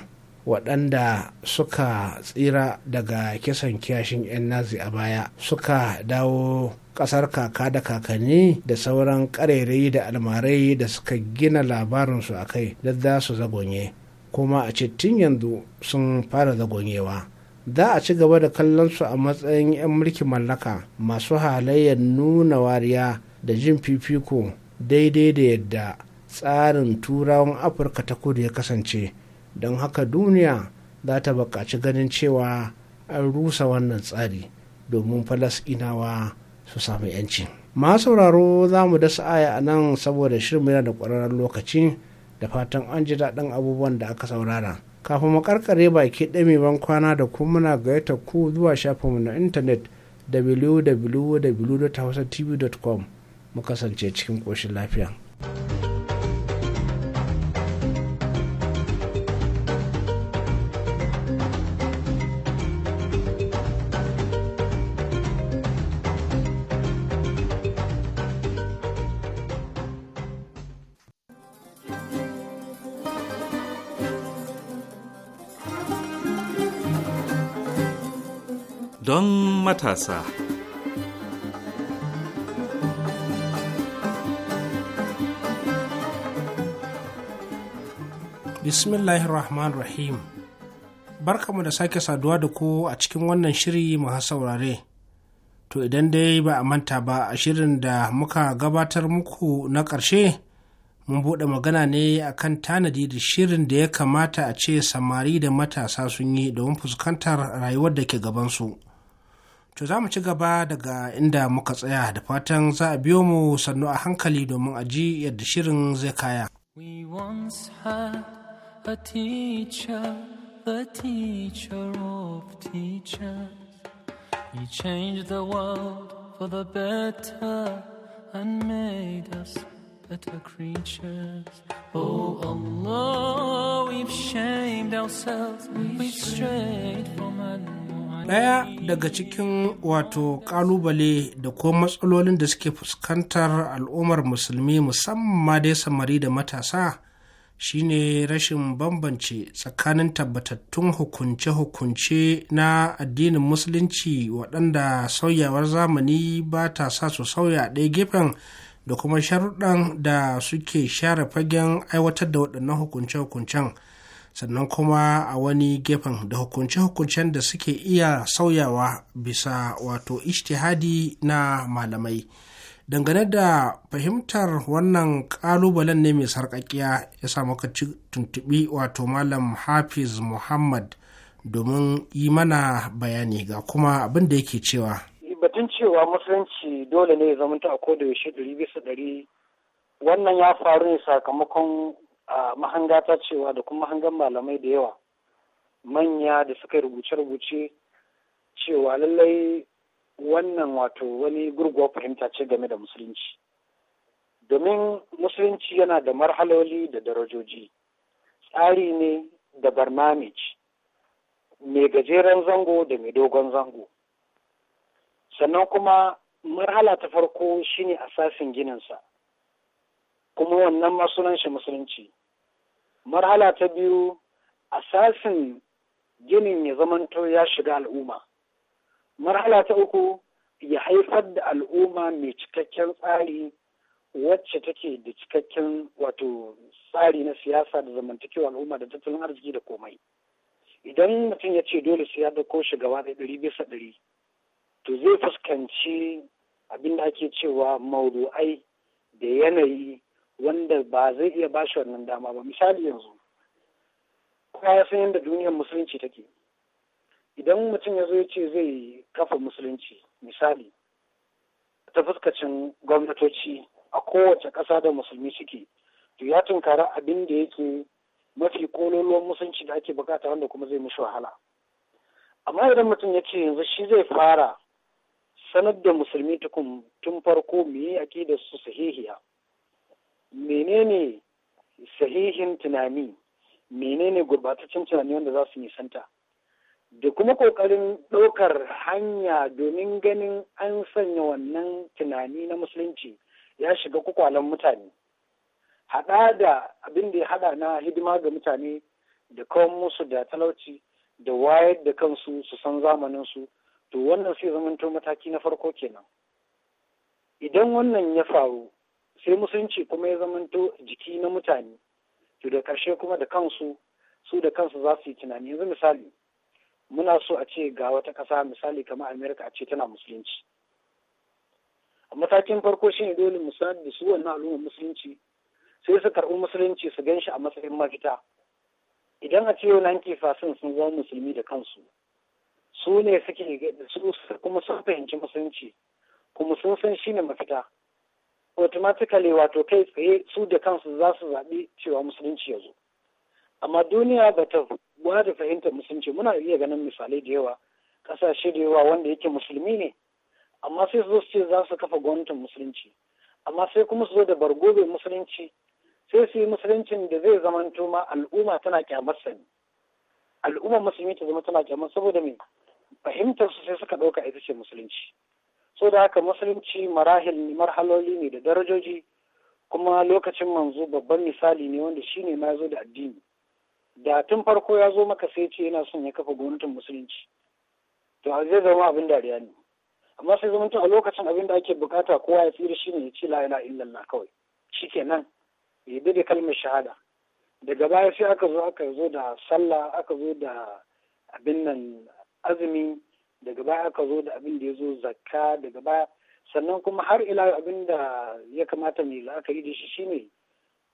F: waɗanda suka tsira daga kisan kiyashin 'yan nazi a baya suka dawo ƙasar kaka da kakanni da sauran ƙarerai da almarai da suka gina labarinsu a kai da za su zagonye kuma a cittin yanzu sun fara zagonyewa za a ci gaba da kallon su a matsayin 'yan mulkin mallaka masu halayyar nuna wariya da jin fifiko daidai da yadda tsarin turawan afirka ta kudu ya kasance don haka duniya za ta buƙaci ganin cewa an rusa wannan tsari domin falasɗinawa su samu 'yanci ma sauraro za mu dasa aya a nan saboda shirin yana da ƙwararren lokaci da fatan an ji daɗin abubuwan da aka saurara. kafin mu karkare baki mai ban kwana da kuma muna gayyata ku zuwa shafinmu na intanet www.hausatv.com mu kasance cikin ƙoshin lafiya. matasa. Bismillahirrahmanirrahim. Barkamu da sake saduwa da ku a cikin wannan shiri masu saurare. To idan dai ba a manta ba a shirin da muka gabatar muku na ƙarshe, mun buɗe magana ne a kan tanadi da shirin da ya kamata a ce samari da matasa sun yi domin fuskantar rayuwar da ke gabansu. To za mu ci gaba daga inda muka tsaya da fatan za a biyo mu sannu a hankali domin a ji yadda shirin zai kaya.
G: We once had a teacher, the teacher of teachers. He changed the world for the better and made us better creatures. Oh Allah, we've shamed ourselves, we've strayed from Allah. ɗaya
F: daga cikin wato ƙalubale da ko matsalolin da suke fuskantar al'ummar musulmi musamman dai samari da matasa shine rashin bambance tsakanin tabbatattun hukunce-hukunce na addinin musulunci waɗanda sauyawar zamani ba ta sa su sauya ɗaya gefen da kuma sharuɗan da suke share fagen aiwatar da waɗannan hukunce-hukuncen. sannan kuma a wani gefen da hukunce-hukuncen da suke iya sauyawa bisa wato ishtihadi na malamai dangane da fahimtar wannan kalubalen ne mai sarkakiya ya samu ka tuntubi wato malam hafiz muhammad domin yi mana bayani ga kuma abin da yake cewa
H: batun cewa musulunci dole ne ya zamanta a kodayaushe yaushe ɗari wannan ya faru ne sakamakon a mahanga ta cewa da kuma mahangan malamai da yawa manya da suka rubuce-rubuce cewa lallai wannan wato wani gurguwa fahimta ce game da musulunci domin musulunci yana da marhaloli da darajoji tsari ne da barnamij mai gajeren zango da mai dogon zango sannan kuma marhala ta farko shine asasin sa kuma wannan masunan shi musulunci marhala ta biyu a asasin ginin ya zamanto ya shiga al'umma marhala ta uku ya haifar da al'umma mai cikakken tsari wacce take da cikakken wato tsari na siyasa da zamantakewa al'umma da tattalin arziki da komai idan mutum ya ce dole sai ya dauko shugaba da ɗari bisa ɗari to zai fuskanci abin da ake cewa maudu'ai da yanayi wanda ba zai iya bashi wannan dama ba misali yanzu kowa ya san yadda duniyar musulunci take idan mutum ya zo ya ce zai kafa musulunci misali ta fuskacin gwamnatoci a kowace ƙasa da musulmi suke to ya tunkara abin da yake mafi kololuwan musulunci da ake bukata wanda kuma zai mishi wahala amma idan mutum ya ce yanzu shi zai fara sanar da musulmi tukun tun farko mu yi aƙidar su sahihiya menene sahihin tunani menene gurbataccen tunani wanda za su nisanta da kuma ƙoƙarin ɗaukar hanya domin ganin an sanya wannan tunani na musulunci ya shiga kwakwalen mutane haɗa da abin da ya haɗa na hidima ga mutane da kawan musu da talauci da wayar da kansu su san zamaninsu to wannan sai zamanto mataki na farko kenan idan wannan ya faru sai musulunci kuma ya zamanto jiki na mutane to da ƙarshe kuma da kansu su da kansu za su yi tunani yanzu misali muna so a ce ga wata ƙasa misali kamar america a ce tana musulunci a matakin farko shi ne dole musulunci da su wannan al'ummar musulunci sai su karɓi musulunci su gan shi a matsayin mafita idan a ce yau fasin sun zama musulmi da kansu su ne suke su kuma sun fahimci musulunci kuma sun san shi ne mafita automatically wato kai tsaye su da kansu za su zaɓi cewa musulunci ya zo amma duniya ba ta da fahimtar musulunci muna iya ganin misalai da yawa ƙasashe da yawa wanda yake musulmi ne amma sai su zo su ce za su kafa gwamnatin musulunci amma sai kuma su zo da bargobe musulunci sai su yi musuluncin da zai zama ma al'umma tana kyamarsa ne al'ummar musulmi ta zama tana kyamar saboda me fahimtar su sai suka ɗauka ita ce musulunci so da haka musulunci marahil marhaloli ne da darajoji kuma lokacin manzo babban misali ne wanda shine ma zo da addini da tun farko ya zo maka sai ce yana son ya kafa gwamnatin musulunci to a zai zama abin dariya ne amma sai zama a lokacin abin da ake bukata kowa ya tsira shine ya ce la ilaha illallah kawai shikenan ya bi da kalmar shahada daga baya sai aka zo aka zo da sallah aka zo da abin nan azumi daga baya aka zo da abin da ya zo zakka daga baya sannan kuma har ila abin da ya kamata mai la'akari da shi shine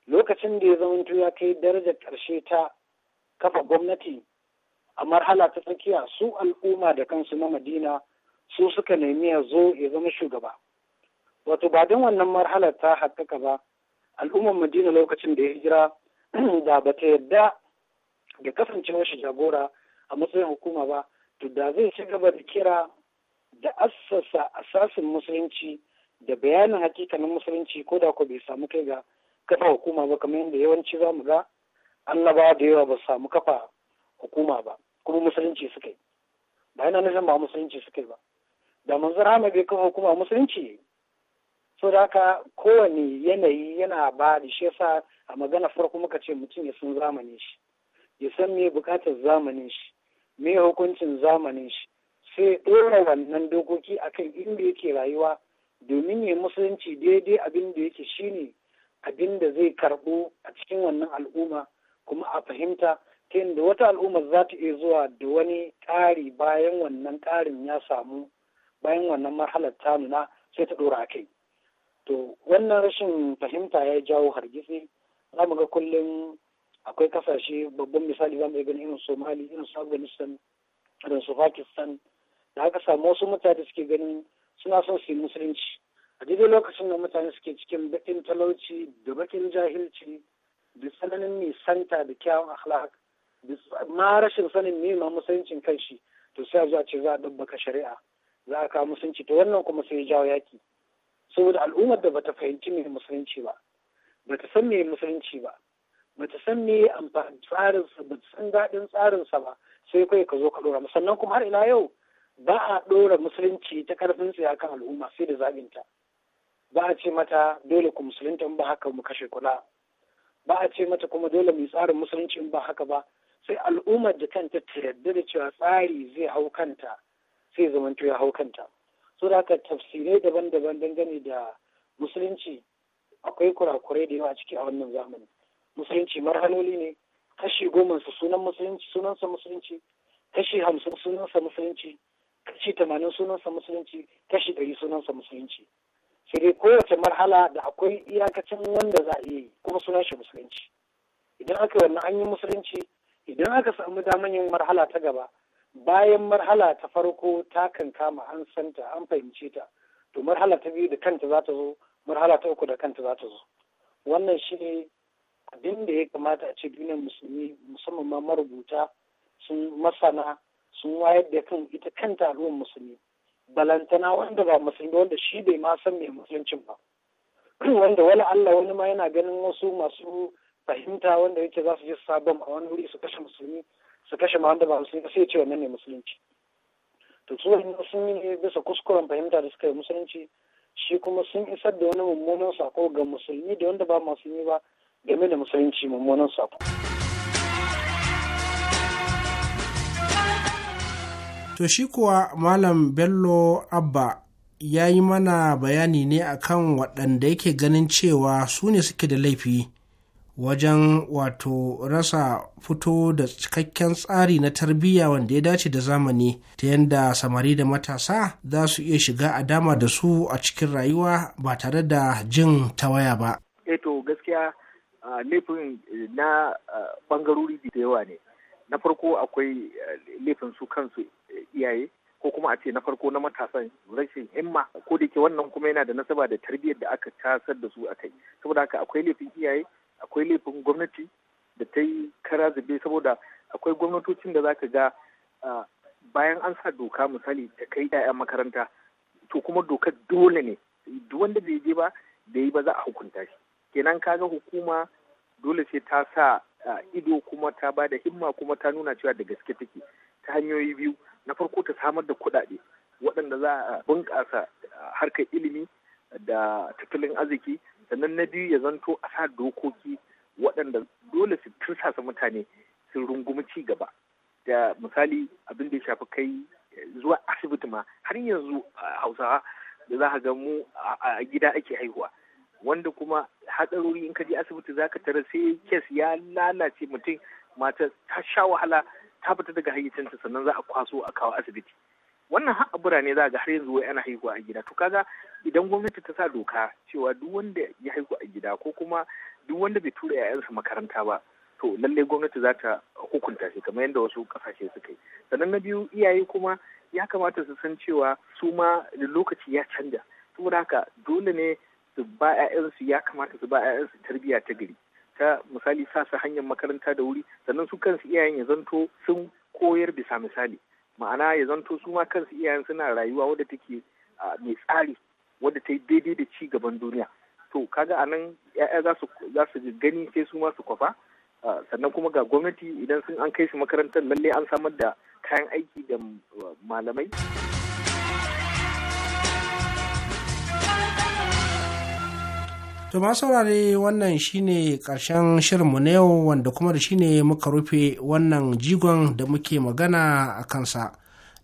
H: lokacin da ya zamanto ya kai darajar ƙarshe ta kafa gwamnati a marhala ta tsakiya su al'umma da kansu na madina su suka nemi ya zo ya zama shugaba wato ba don wannan marhala ta haƙƙaƙa ba al'ummar madina lokacin da ya jira da ba ta yarda da kasancewar shi jagora a matsayin hukuma ba to da zai ci gaba da kira da assasa asasin musulunci da bayanin hakikanin musulunci ko da ko bai samu kai ga kafa hukuma ba kamar yadda yawanci za mu ga annaba da yawa ba samu kafa hukuma ba kuma musulunci suka yi ba yana nufin ba musulunci suka yi ba da manzon rahama bai kafa hukuma musulunci so da haka kowane yanayi yana ba da shi yasa a magana farko muka ce mutum ya san zamanin shi ya san me bukatar zamanin shi me hukuncin zamanin shi sai ɗora wannan dokoki akan inda yake rayuwa domin ya musulunci daidai abin da yake shine abin da zai karɓo a cikin wannan al'umma kuma a fahimta ta yadda wata al'umma za ta iya zuwa da wani ƙari bayan wannan ƙarin ya samu bayan wannan marhalar ta nuna sai ta ɗora a kai to wannan rashin fahimta ya jawo hargitsi za mu ga kullum akwai kasashe babban misali zamu iya ganin irin somali irin su afghanistan irin su pakistan da aka samu wasu mutane suke ganin suna son su yi musulunci
D: a daidai lokacin
H: da mutane suke cikin baƙin talauci da baƙin jahilci da tsananin nisanta da kyawun akhlaq ma rashin sanin me ma musuluncin kanshi to sai zuwa ce za a dabbaka shari'a za a kawo musulunci to wannan kuma sai ya jawo yaki saboda al'ummar da bata fahimci me musulunci ba bata san me musulunci ba bata san me amfani tsarinsa ba ta san daɗin tsarinsa ba sai kai ka zo ka ɗora sannan kuma har ina yau ba a ɗora musulunci ta ƙarfin tsaye kan al'umma sai da zaɓinta ba a ce mata dole ku musulunta ba haka mu kashe kula ba a ce mata kuma dole mu tsarin musulunci in ba haka ba sai al'ummar da kanta ta yarda da cewa tsari zai hau kanta sai zamanto ya hau kanta so da haka tafsirai daban-daban dangane da musulunci akwai kurakurai da yawa ciki a wannan zamani musulunci marhaloli ne kashi goma su sunan musulunci sunansa musulunci kashi hamsin sunansa musulunci kashi tamanin sunansa musulunci kashi ɗari sunansa musulunci sai dai kowace marhala da akwai iyakacin wanda za a yi kuma sunan shi musulunci idan aka wannan an yi musulunci idan aka samu daman yin marhala ta gaba bayan marhala ta farko ta kankama an santa an fahimce ta to marhala ta biyu da kanta za ta zo marhala ta uku da kanta za ta zo wannan shi ne abin da ya kamata a ce duniyar musulmi musamman ma marubuta sun masana sun wayar da kan ita kanta al'ummar musulmi balantana wanda ba musulmi wanda shi bai ma san mai musuluncin ba wanda wani Allah wani ma yana ganin wasu masu fahimta wanda yake za su je sabon a wani wuri su kashe musulmi su kashe ma wanda ba musulmi sai ya ce wannan ne musulunci to su wani musulmi yi bisa kuskuren fahimta da suka yi musulunci shi kuma sun isar da wani mummunan sako ga musulmi da wanda ba musulmi ba game da musulunci mummunan sako.
F: To shi kuwa Malam Bello Abba ya yi mana bayani ne akan waɗanda yake ganin cewa su ne suke da laifi wajen wato rasa fito da cikakken tsari na tarbiyya wanda ya dace da zamani ta yadda samari da matasa za su iya shiga a dama da su a cikin rayuwa ba tare da jin tawaya ba.
I: Eto eh gaskiya nufin eh, na bangarori da yawa ne na farko akwai nufin eh, su kansu eh, iyaye ko kuma a ce na farko na matasan rashin himma ko da ke wannan kuma yana da nasaba da tarbiyyar da aka tasar da su a kai saboda haka akwai laifin iyaye akwai laifin gwamnati da ta yi kara zube saboda akwai gwamnatocin da zaka ga bayan an sa doka misali ta kai 'ya'yan makaranta to kuma dokar dole ne duk wanda bai je ba da yi ba za a hukunta shi kenan kaga hukuma dole sai ta sa ido kuma ta ba da himma kuma ta nuna cewa da gaske take ta hanyoyi biyu na farko ta samar da kuɗaɗe waɗanda za a bunƙasa harkar ilimi da tattalin arziki sannan na biyu ya zanto a sa dokoki waɗanda dole su tursasa mutane sun rungumi ci gaba da misali abin da ya shafi kai zuwa asibiti ma har yanzu hausawa da za ga mu a gida ake haihuwa wanda kuma hatsarori in ka je asibiti za ka tara sai kes ya lalace mutum mata ta sha wahala ta fita daga hayyacinta sannan za a kwaso a kawo asibiti wannan har a birane za ga har yanzu wai ana haihuwa a gida to kaga idan gwamnati ta sa doka cewa duk wanda ya haihu a gida ko kuma duk wanda bai tura 'ya'yansa makaranta ba to lalle gwamnati za ta hukunta shi kamar yadda wasu kasashe suka yi sannan na biyu iyaye kuma ya kamata su san cewa su ma lokaci ya canja saboda haka dole ne su ba 'ya'yansu ya kamata su ba 'ya'yansu tarbiyya ta gari ta misali sa su hanyar makaranta da wuri sannan su kansu iyayen ya zanto sun koyar bisa misali ma'ana ya zanto su ma kansu iyayen suna rayuwa wadda take mai tsari wadda ta yi daidai da ci gaban duniya to kaga a nan ya'ya za su gani sai su ma su kwafa sannan kuma ga gwamnati idan sun an kai su makarantar lallai an samar da kayan aiki da malamai.
F: To ma saurare wannan shine karshen shirinmu na yau wanda kuma da shine muka rufe wannan jigon da muke magana a kansa.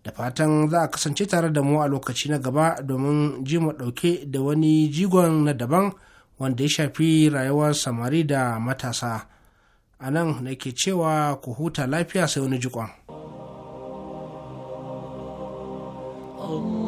F: Da fatan za a kasance tare da mu a lokaci na gaba domin ji mu ɗauke da wani jigon na daban wanda ya shafi rayuwar samari da matasa. A nan nake cewa ku huta lafiya sai wani jikon.
J: Allah.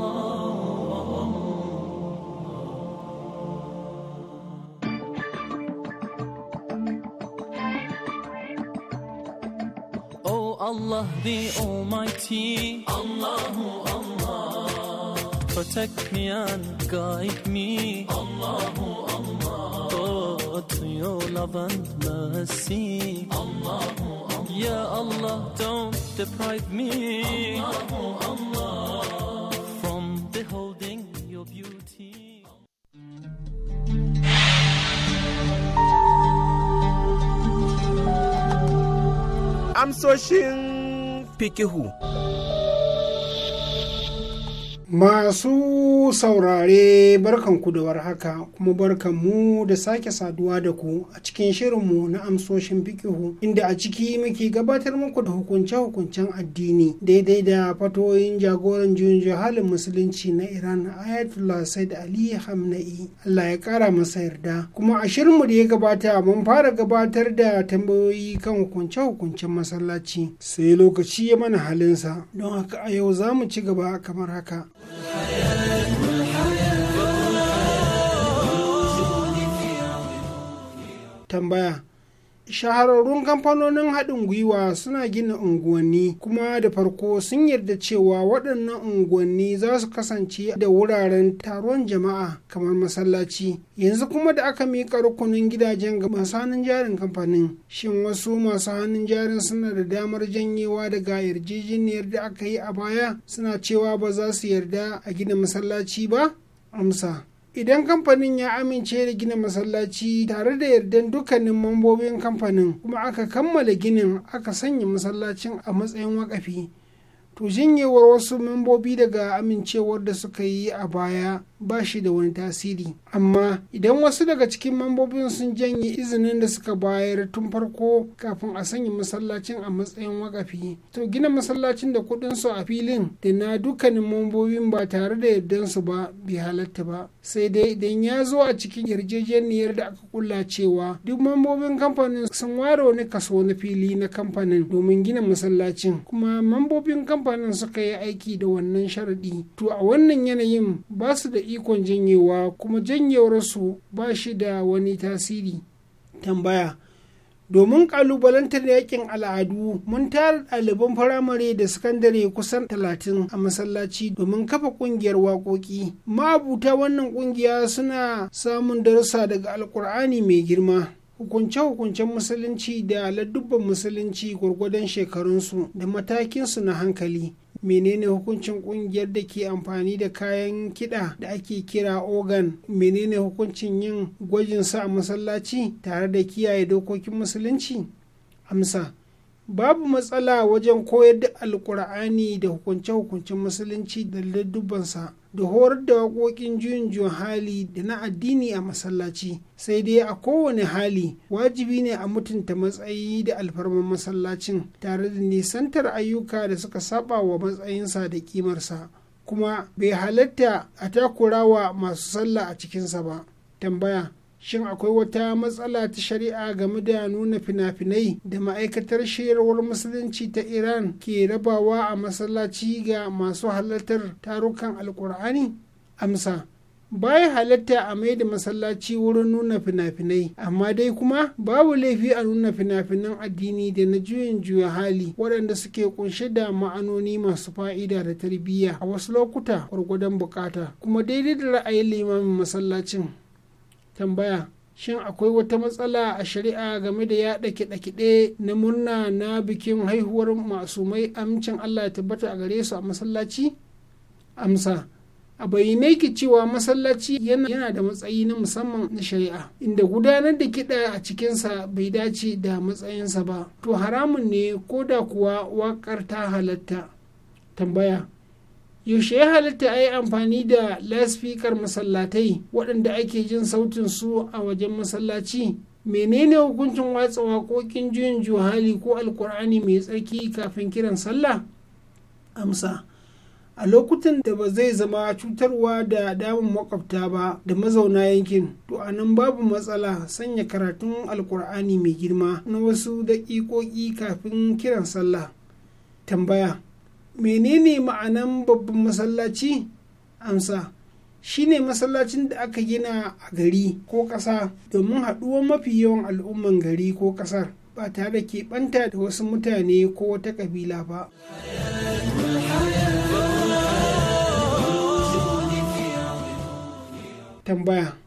G: Allah the Almighty Allahu Allah Protect me and guide me Allahu Allah Oh, to your love and mercy Allahu Allah Ya Allah, don't deprive me Allahu Allah From beholding your beauty
K: I'm amsoshin fikihu. Masu saurare ku da haka kuma barkan mu da sake saduwa da ku a cikin shirin mu na amsoshin fikihu inda a ciki muke gabatar muku da hukunce-hukuncen addini daidai da fatoyin jagoran juyin jihalin musulunci na Iran Ayatollah Said Ali Hamna'i Allah ya kara masa yarda kuma a shirinmu da ya gabata mun fara gabatar da tambayoyi kan hukunce-hukuncen masallaci sai lokaci ya mana halinsa don haka a yau za mu ci gaba kamar haka. tambaya shahararrun kamfanonin haɗin gwiwa suna gina unguwanni kuma da farko sun yarda cewa waɗannan unguwanni za su kasance da wuraren taron jama'a kamar masallaci yanzu kuma da aka miƙa rukunin gidajen ga masu hannun jarin kamfanin shin wasu masu hannun jarin suna da damar janyewa daga yarjejeniyar da aka yi a baya suna cewa ba za su yarda a gina masallaci ba amsa idan kamfanin ya amince da gina masallaci tare da yardan dukkanin mambobin kamfanin kuma aka kammala ginin aka sanya masallacin a matsayin wakafi to jinyewar wasu mambobi daga amincewar da suka yi a baya ba shi da wani tasiri amma idan wasu daga cikin mambobin sun janye izinin da suka bayar tun farko kafin a sanya masallacin a matsayin wakafi to gina masallacin da kudin su a filin da na dukkanin mambobin ba tare da yardan su ba bai halatta ba sai dai idan ya zo a cikin yarjejeniyar da aka kulla cewa duk mambobin kamfanin sun ware wani kaso na fili na kamfanin domin gina masallacin kuma mambobin kamfanin suka yi aiki da wannan sharadi to a wannan yanayin ba su da ikon janyewa kuma janyewarsu ba shi da wani tasiri tambaya domin kalubalantar yakin al'adu mun tara ɗaliban firamare da sakandare kusan talatin a masallaci domin kafa ƙungiyar waƙoƙi ma'abuta wannan ƙungiya suna samun darussa daga alƙur'ani mai girma hukunce-hukuncen musulunci da ladubban musulunci gwargwadon shekarunsu da matakinsu na hankali menene hukuncin kungiyar da ke amfani da kayan kiɗa da ake kira organ menene hukuncin yin gwajin sa a masallaci tare da kiyaye dokokin musulunci amsa babu matsala wajen koyar da alkur'ani da hukunce-hukuncen musulunci da da horar da waƙoƙin juyin juyin hali da na addini a masallaci sai dai a kowane hali wajibi ne a mutunta matsayi da alfarman masallacin tare da nisantar ayyuka da suka saba wa matsayinsa da kimarsa kuma bai halatta a takurawa masu sallah a cikinsa ba tambaya shin akwai wata matsala ta shari'a game da nuna fina-finai da ma'aikatar shirarwar musulunci ta iran ke rabawa a masallaci ga masu halartar tarukan alkur'ani amsa baya halatta a mai da masallaci wurin nuna fina-finai amma dai kuma babu laifi a nuna fina-finan addini da na juyin juya hali waɗanda suke kunshe da ma'anoni masu fa'ida da tarbiyya a wasu lokuta gwargwadon bukata kuma daidai da ra'ayin limamin masallacin tambaya shin akwai wata matsala a shari'a game da yaɗa ɗake kiɗe na murna na bikin haihuwar masu mai amincin allah tabbata a gare su a masallaci amsa a bayyane ki cewa masallaci yana da matsayi na musamman na shari'a inda gudanar da kiɗa a cikinsa bai dace da matsayinsa ba to haramun ne ko da kuwa wakar ta halatta tambaya yaushe ya halitta a yi amfani da lasfikar masallatai waɗanda ake jin sautin su a wajen masallaci menene hukuncin watsa waƙoƙin juyin juhali ko alƙur'ani mai tsarki kafin kiran sallah amsa a lokutan da ba zai zama cutarwa da damun makwabta ba da mazauna yankin to a nan babu matsala sanya karatun alƙur'ani mai girma na wasu daƙiƙoƙi kafin kiran sallah tambaya menene ma'anan babban masallaci amsa shine masallacin da aka gina a gari ko ƙasa domin haɗuwar mafi yawan al'umman gari ko ƙasar ba tare da keɓanta da wasu mutane ko wata ƙabila ba tambaya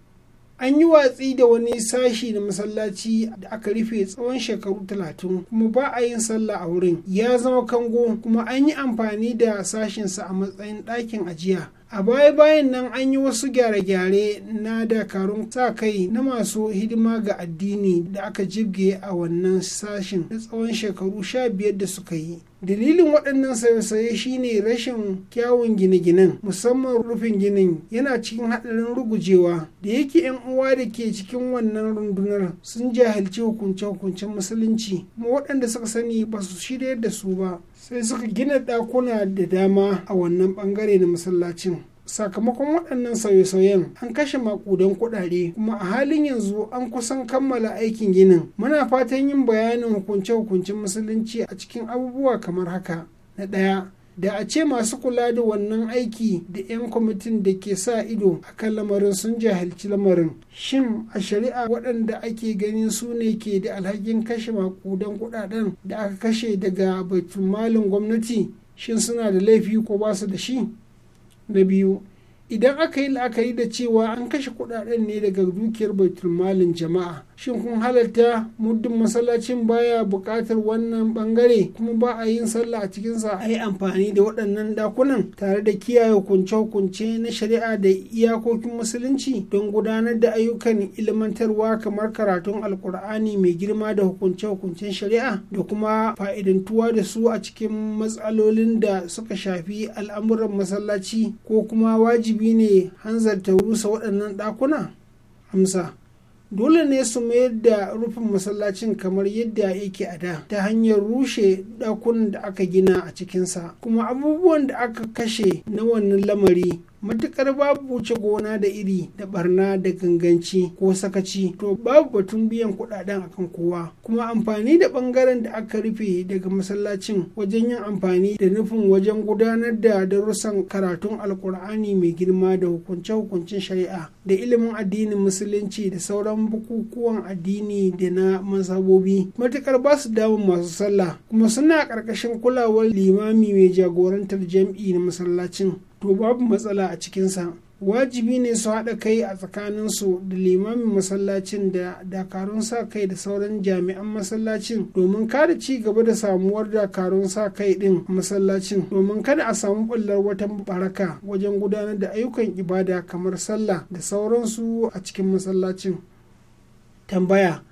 K: an yi watsi da wani sashi na masallaci da aka rufe tsawon shekaru talatin kuma ba a yin sallah a wurin ya zama kango kuma an yi amfani da sashinsa a matsayin ɗakin ajiya a baya bayan nan an yi wasu gyare-gyare na dakarun sa kai na masu hidima ga addini da aka jibge a wannan sashen na tsawon shekaru sha biyar da suka yi dalilin waɗannan sayo saye shine rashin kyawun gine-ginen musamman rufin ginin yana cikin haɗarin rugujewa da yake 'yan uwa da ke cikin wannan rundunar sun jahilci hukunce-hukuncen musulunci kuma waɗanda suka sani ba su shirya da su ba sai suka gina ɗakuna da dama a wannan ɓangare na masallacin sakamakon waɗannan sauye-sauyen an kashe makudan kuɗaɗe kuma a halin yanzu an kusan kammala aikin ginin muna fatan yin bayanin hukunce hukuncen musulunci a cikin abubuwa kamar haka na ɗaya da a ce masu kula da wannan aiki da 'yan kwamitin da ke sa ido a kan lamarin sun jahilci lamarin shin a shari'a waɗanda ake ganin su ne ke da alhakin kashe makudan kudaden? da aka kashe daga batun malin gwamnati shin suna da laifi ko ba su da shi na biyu idan aka yi la'akari da cewa an kashe kudaden ne daga dukiyar baitul malin jama'a shin kun halatta muddin masallacin baya buƙatar wannan bangare kuma ba a yin sallah a cikinsa a yi amfani da waɗannan ɗakunan tare da kiyaye hukunce-hukunce na shari'a da iyakokin musulunci don gudanar da ayyukan ilmantarwa kamar karatun alkur'ani mai girma da hukunce-hukuncen shari'a da kuma fa'idantuwa da su a cikin matsalolin da suka shafi al'amuran masallaci ko kuma wajibi ne hanzarta rusa waɗannan ɗakuna amsa dole ne su mayar da rufin masallacin kamar yadda yake a da ta hanyar rushe dakunan da aka gina a cikinsa kuma abubuwan da aka kashe na wannan lamari matukar babu wuce gona da iri da barna da ganganci ko sakaci to babu batun biyan kudaden akan kowa kuma amfani da bangaren da aka rufe daga masallacin wajen yin amfani da nufin wajen gudanar da darussan karatun alkur'ani mai girma da hukunce-hukuncen shari'a da ilimin addinin musulunci da sauran bukukuwan addini da na mazhabobi matukar ba su damun masu sallah kuma suna ƙarƙashin kulawar limami mai jagorantar jam'i na masallacin to babu matsala a cikinsa wajibi ne su haɗa kai a tsakaninsu da limamin masallacin da dakarun sa kai da sauran jami'an masallacin domin kada ci gaba da samuwar dakarun sa kai ɗin masallacin domin kada a samu ɓullar wata baraka wajen gudanar da ayyukan ibada kamar sallah da sauransu a cikin masallacin tambaya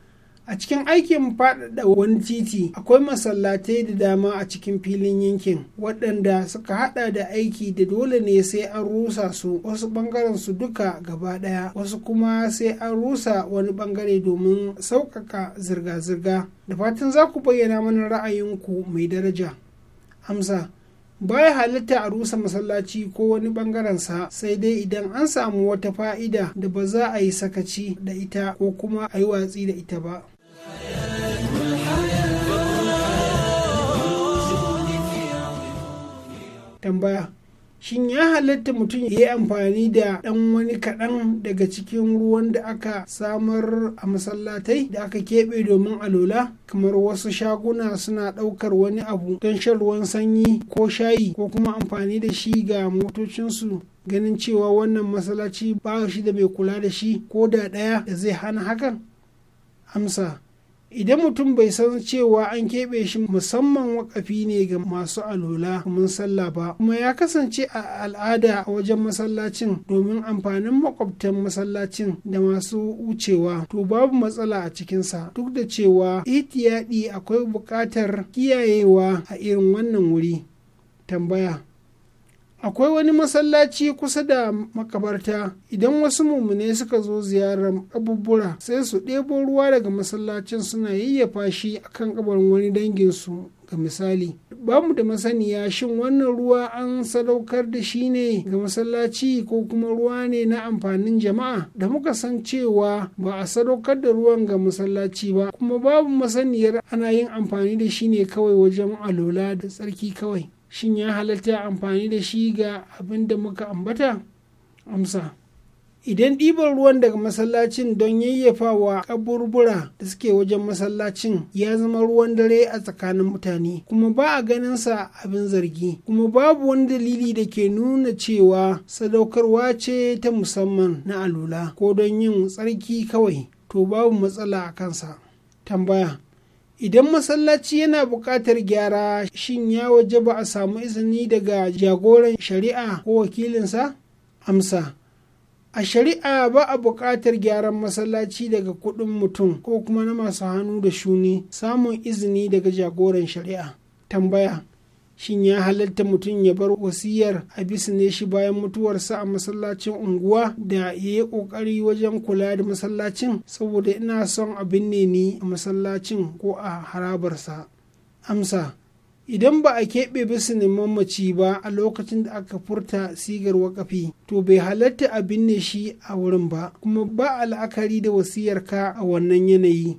K: a cikin aikin faɗaɗa wani titi akwai masallatai da dama a cikin filin yankin waɗanda suka haɗa da aiki da dole ne sai an rusa su wasu ɓangaren su duka gaba ɗaya wasu kuma sai an rusa wani ɓangare domin sauƙaƙa zirga-zirga da fatan za ku bayyana mana ra'ayinku mai daraja amsa baya halitta a rusa masallaci ko wani bangarensa sai dai idan an samu wata fa'ida da ba za a yi sakaci da ita ko kuma a yi watsi da ita ba tambaya shin ya halatta mutum ya yi amfani da ɗan wani kaɗan daga cikin ruwan da aka samar a masallatai da aka keɓe domin alola kamar wasu shaguna suna ɗaukar wani abu don shan ruwan sanyi ko shayi ko kuma amfani da shi ga motocinsu ganin cewa wannan masallaci ba shi da bai kula da shi ko da ɗaya da zai hana hakan amsa idan mutum bai san cewa an keɓe shi musamman wakafi ne ga masu alola mun sallah ba kuma ya kasance a al'ada a wajen masallacin domin amfanin makwabtan masallacin da masu wucewa to babu matsala a cikinsa duk da cewa itiyadi akwai buƙatar kiyayewa a irin wannan wuri tambaya akwai wani masallaci kusa da makabarta idan wasu mummune suka zo ziyarar abubura sai su ɗebo ruwa daga masallacin suna yayyafa shi akan kabarin wani danginsu ga misali bamu da masaniya shin wannan ruwa an sadaukar da shi ne ga masallaci ko kuma ruwa ne na amfanin jama'a da muka san cewa ba a sadaukar da ruwan ga masallaci ba kuma babu masaniyar ana yin amfani da shi ne kawai wajen alola da tsarki kawai shin ya halatta amfani da shi ga abin da muka ambata amsa idan ɗiban ruwan daga masallacin don yayyafa wa kaburbura da suke wajen masallacin ya zama ruwan dare a tsakanin mutane kuma ba a sa abin zargi kuma babu wani dalili da ke nuna cewa sadaukarwa ce ta musamman na alula ko don yin tsarki kawai to babu matsala a kansa tambaya idan masallaci yana buƙatar gyara shin ya waje ba a samu izini daga jagoran shari'a ko wakilinsa amsa a shari'a ba a buƙatar gyaran masallaci daga kuɗin mutum ko kuma na masu hannu da shuni samun izini daga jagoran shari'a tambaya shin ya halatta mutum ya bar wasiyar a ne shi bayan mutuwarsa a masallacin unguwa da ya yi kokari wajen kula da masallacin saboda ina son a binne ni a masallacin ko a harabarsa amsa idan ba a keɓe bisinin mamaci ba a lokacin da aka furta sigar waƙafi, to bai halatta a binne shi a wurin ba kuma ba a la'akari da wasiyarka a wannan yanayi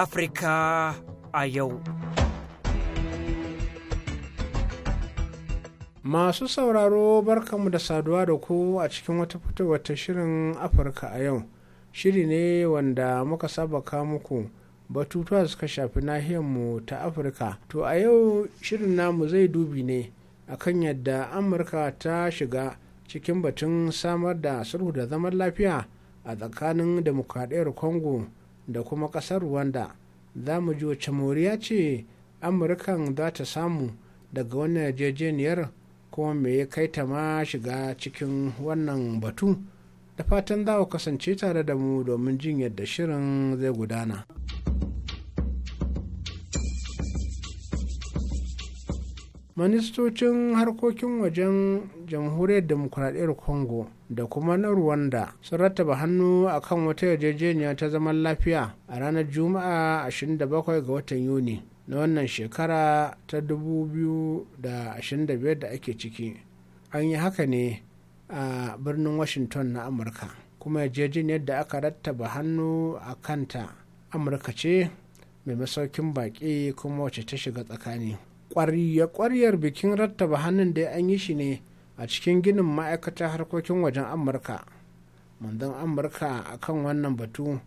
L: Afirka a yau.
F: Masu sauraro barkanmu da saduwa da ku a cikin wata fitowa ta shirin Afirka a yau. Shiri ne wanda muka saba muku batutuwa suka shafi nahiyarmu ta Afirka. To a yau shirin namu zai dubi ne akan yadda Amurka ta shiga cikin batun samar da sulhu da zaman lafiya a tsakanin demokradiyyar Congo da kuma kasar rwanda za mu ji wace moriya ce amurkan za ta samu daga wannan yarjejeniyar kuma me ya kai ta ma shiga cikin wannan batu da fatan za ku kasance tare da mu domin jin yadda shirin zai gudana. ministocin harkokin wajen jamhuriyar dimokuraɗiyar congo da kuma na rwanda sun rattaba hannu a kan wata yarjejeniya ta zaman lafiya a ranar juma'a 27 ga watan yuni na wannan shekara ta 2025 da ake ciki an yi haka ne a birnin washington na amurka kuma yarjejeniyar da aka rattaba hannu a kanta amurka ce mai masaukin baƙi kuma wacce ta shiga tsakani ƙwarya-ƙwaryar bikin rattaba hannun da an yi shi ne a cikin ginin ma'aikatar harkokin wajen amurka manzon amurka a kan wannan batu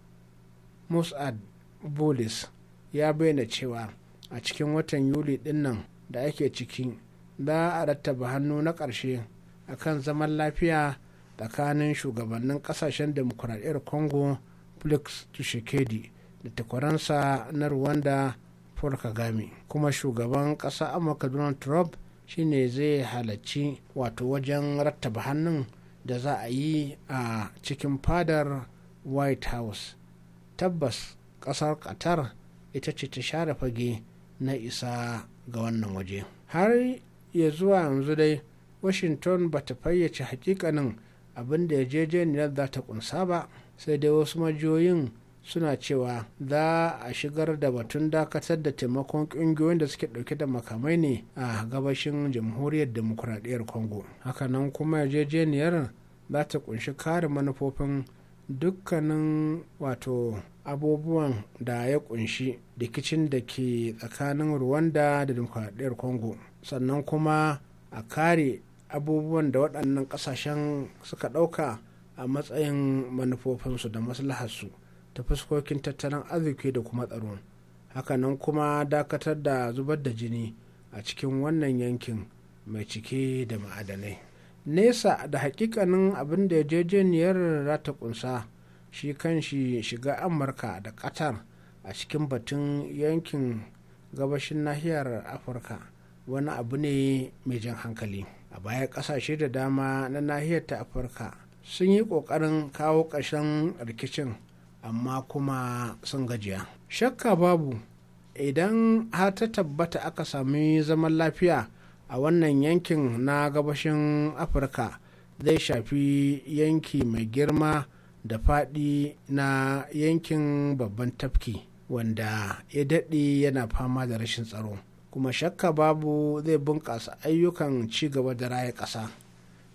F: musad bolis ya bayyana cewa a cikin watan yuli dinnan da ake ciki za a rattaba hannu na ƙarshe a kan zaman lafiya tsakanin shugabannin ƙasashen demokuraɗiyar congo felix tushekedi da takwaransa na rwanda paul kagame kuma shugaban ƙasa amurka donald trump shine zai halarci wato wajen rattaba hannun da za a yi a cikin fadar white house tabbas ƙasar qatar ita ce ta share fage na isa ga wannan waje har ya zuwa yanzu dai washington ba ta fayyace hakikanin abin da yarjejeniyar za ta kunsa ba sai dai wasu majiyoyin suna cewa za a shigar da batun dakatar da taimakon ƙungiyoyin da suke ɗauke da makamai ne a gabashin jamhuriyar demokuraɗiyyar congo hakanan kuma yarjejeniyar za ta kunshi kare manufofin dukkanin wato abubuwan da ya kunshi rikicin da ke tsakanin rwanda da demokuraɗiyyar congo sannan kuma a kare abubuwan da waɗannan ƙasashen suka ɗauka a matsayin manufofinsu da maslaharsu ta fuskokin tattalin arziki da kuma tsaro hakanan kuma dakatar da zubar da jini a cikin wannan yankin mai cike da ma'adanai nesa da hakikanin abin da yarjejeniyar rata kunsa shi kan shi shiga amurka da qatar a cikin batun yankin gabashin nahiyar afirka wani abu ne mai jan hankali a baya kasashe da dama na nahiyar ta afirka sun yi kokarin kawo ƙarshen rikicin amma kuma sun gajiya shakka babu idan har ta tabbata aka sami zaman lafiya a wannan yankin na gabashin afirka zai shafi yanki mai girma da faɗi na yankin babban tafki wanda ya daɗe yana fama da rashin tsaro kuma shakka babu zai bunƙasa ayyukan ci gaba da raya ƙasa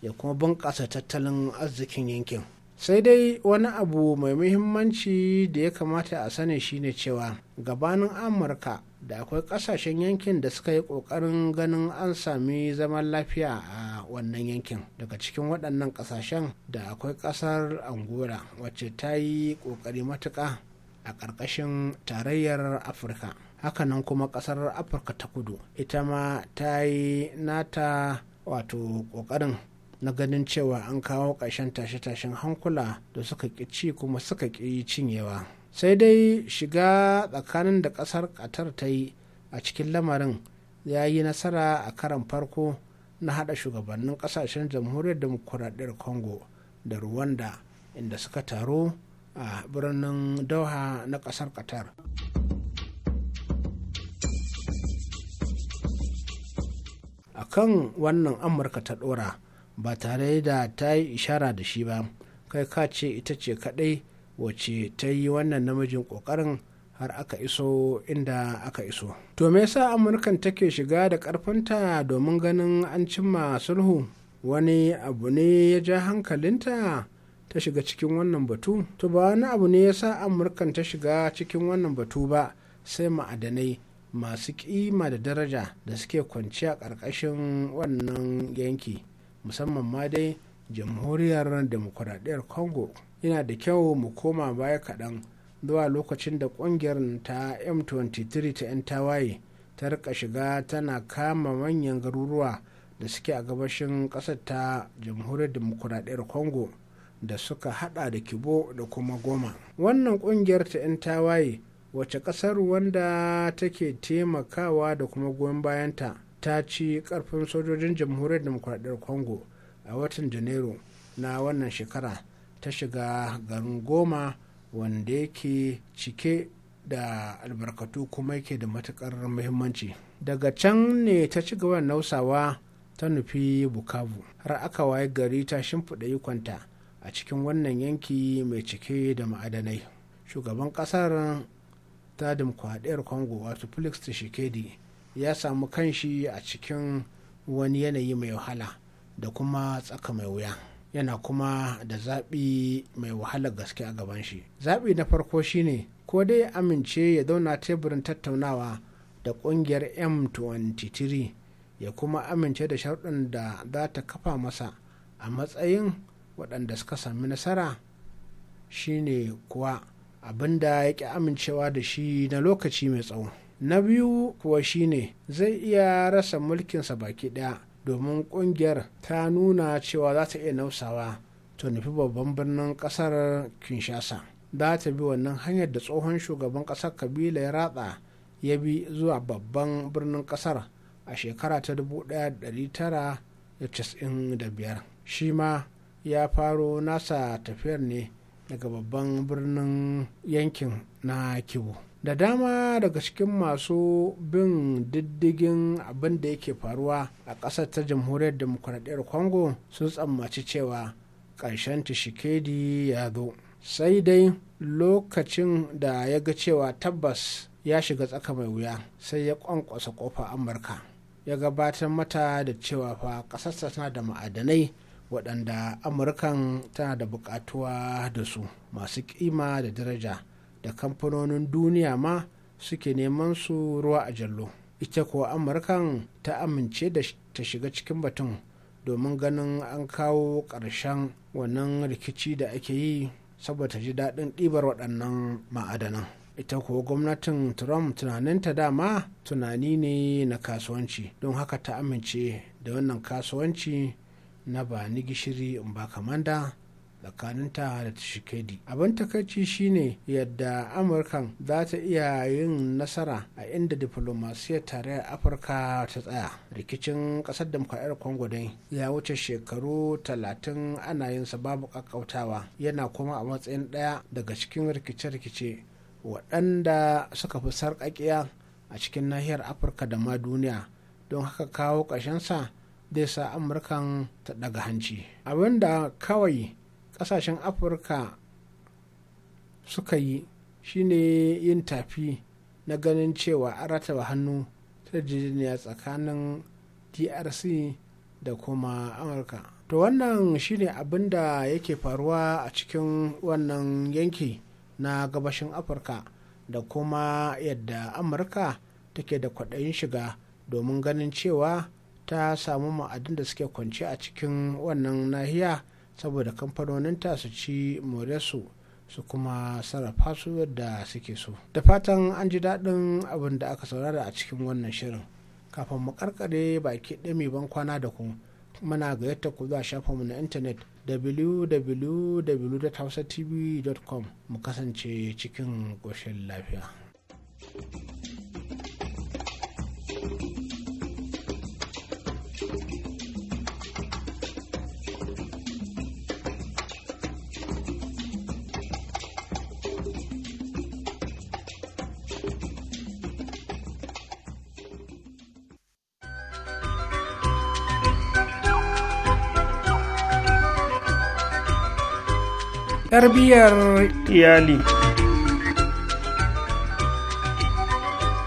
F: ya kuma bunƙasa tattalin arzikin yankin. sai dai wani abu mai muhimmanci da ya kamata a sani shine cewa gabanin amurka da akwai kasashen yankin da suka yi kokarin ganin an sami zaman lafiya a wannan yankin daga cikin waɗannan kasashen da akwai ƙasar angola wacce ta yi ƙoƙari matuƙa a ƙarƙashin tarayyar afirka hakanan kuma ƙasar afirka ta kudu ita ma ta yi nata wato ƙoƙarin na ganin cewa an kawo ƙarshen tashe-tashen hankula da suka ƙi ci kuma suka ƙi cinyewa sai dai shiga tsakanin da ƙasar qatar ta yi a cikin lamarin ya yi nasara a karan farko na haɗa shugabannin ƙasashen jamhuriyar demokuraɗiyar congo da rwanda inda suka taro a birnin doha na ƙasar qatar a kan wannan amurka ta ɗora ba tare da ta yi ishara da shi ba kai ka ce ita ce kadai wace ta yi wannan namijin kokarin har aka iso inda aka iso to me yasa amurkan take shiga da karfinta domin ganin an cimma sulhu wani abu ne ya ja hankalinta ta shiga cikin wannan batu to ba wani abu ne yasa amurkan ta shiga cikin wannan batu ba sai ma'adanai masu kima da daraja da suke kwanci a ƙarƙashin wannan yanki musamman ma dai jamhuriyar demokuraɗiyar congo yana da kyau mu koma baya kaɗan zuwa lokacin da ƙungiyar ta m23 ta 'yan tawaye ta rika shiga tana kama manyan garuruwa da suke a gabashin ƙasar ta jamhuriyar demokuraɗiyar congo da suka hada da kibo da kuma goma wannan ƙungiyar ta 'yan tawaye wace ƙasar wanda take taimakawa da kuma goyon bayanta ta ci karfin sojojin jamhuriyar demokuraɗiyar congo a watan janairu na wannan shekara ta shiga garin goma wanda yake cike da albarkatu kuma yake da matukar muhimmanci daga can ne ta ci gaba nausawa ta nufi bukavu har aka waye gari ta shimfiɗa ikonta a cikin wannan yanki mai cike da ma'adanai shugaban ƙasar ta dimkwaɗiyar congo wato felix tshisekedi ya samu kanshi a cikin wani yanayi mai wahala da kuma tsaka mai wuya yana kuma da zaɓi mai wahala gaske a gaban shi zaɓi na farko shine ko dai amince ya zauna teburin tattaunawa da ƙungiyar m23 ya kuma amince da sharɗin da za ta kafa masa a matsayin waɗanda suka sami nasara shine kuwa abinda ya ƙi amincewa da shi na lokaci mai tsawo na biyu kuwa shine zai iya rasa mulkinsa baki ɗaya domin ƙungiyar ta nuna cewa za ta iya nausawa ta nufi babban birnin ƙasar kinshasa za ta bi wannan hanyar da tsohon shugaban ƙasar kabila ya ratsa ya bi zuwa babban birnin ƙasar a shekara ta 1995 shi ma ya faro nasa tafiyar ne daga babban birnin yankin na kibu da dama daga cikin masu bin diddigin abin da yake faruwa a ƙasar ta jamhuriyar demokuraɗiyar congo sun tsammaci cewa ƙarshen tishikedi ya zo sai dai lokacin da ya ga cewa tabbas ya shiga tsaka mai wuya sai ya ƙwanƙwasa ƙofa amurka ya gabatar mata da cewa fa ƙasarsa tana da ma'adanai waɗanda amurkan tana da buƙatuwa da su masu ƙima da daraja da kamfanonin duniya ma suke neman su ruwa a jallo ita kuwa amurkan ta amince da ta shiga cikin batun domin ganin an kawo ƙarshen wannan rikici da ake yi saboda ji daɗin ɗibar waɗannan ma'adanan ita kuwa gwamnatin trump tunaninta dama tunani ne na kasuwanci don haka ta amince da wannan kasuwanci na ba ni gishiri in ba kamanda tsakaninta da tashikedi abin takaici shine yadda amurkan za ta iya yin nasara a inda diflomasiyyar tarayyar afirka ta tsaya rikicin kasar demokradiyyar congo dai ya wuce shekaru talatin ana yin sa babu kakkautawa yana kuma a matsayin daya daga cikin rikice-rikice waɗanda suka fi sarƙaƙiya a cikin nahiyar afirka da ma duniya don haka kawo ƙashinsa zai sa amurkan ta daga hanci abinda kawai kasashen afirka suka yi shine yin tafi na ganin cewa an rataba hannu ta jijiniya tsakanin drc da kuma amurka to wannan shine abin da yake faruwa a cikin wannan yanki na gabashin afirka da kuma yadda amurka take da kwaɗayin shiga domin ganin cewa ta samu ma'adin da suke kwance a cikin wannan nahiya saboda kamfanoninta su ci moresu su kuma sarrafa su yadda suke so da fatan an ji daɗin abin da aka saurara a cikin wannan shirin kafin mu karkare baki ɗami ban kwana da ku muna gayyata ku zuwa shafinmu na intanet www.hausatv.com mu kasance cikin ƙoshin lafiya. thank you
B: tarbiyyar iyali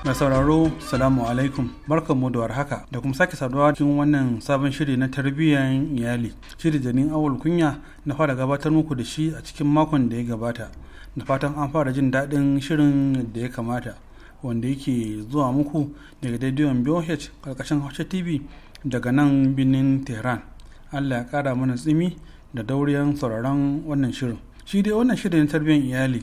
B: mai sauraro salamu alaikum mu da warhaka da kuma sake saduwa cikin wannan sabon shiri na tarbiyyar iyali shiri janin awul kunya na fara gabatar muku da shi a cikin makon da ya gabata na fatan an fara jin daɗin shirin da ya kamata wanda yake zuwa muku daga daidaiwan boh ƙarƙashin hausa tv daga nan birnin tehran allah ya ƙara mana tsimi da dauriyan sauraron wannan shirin shi dai wannan shirin tarbiyyar iyali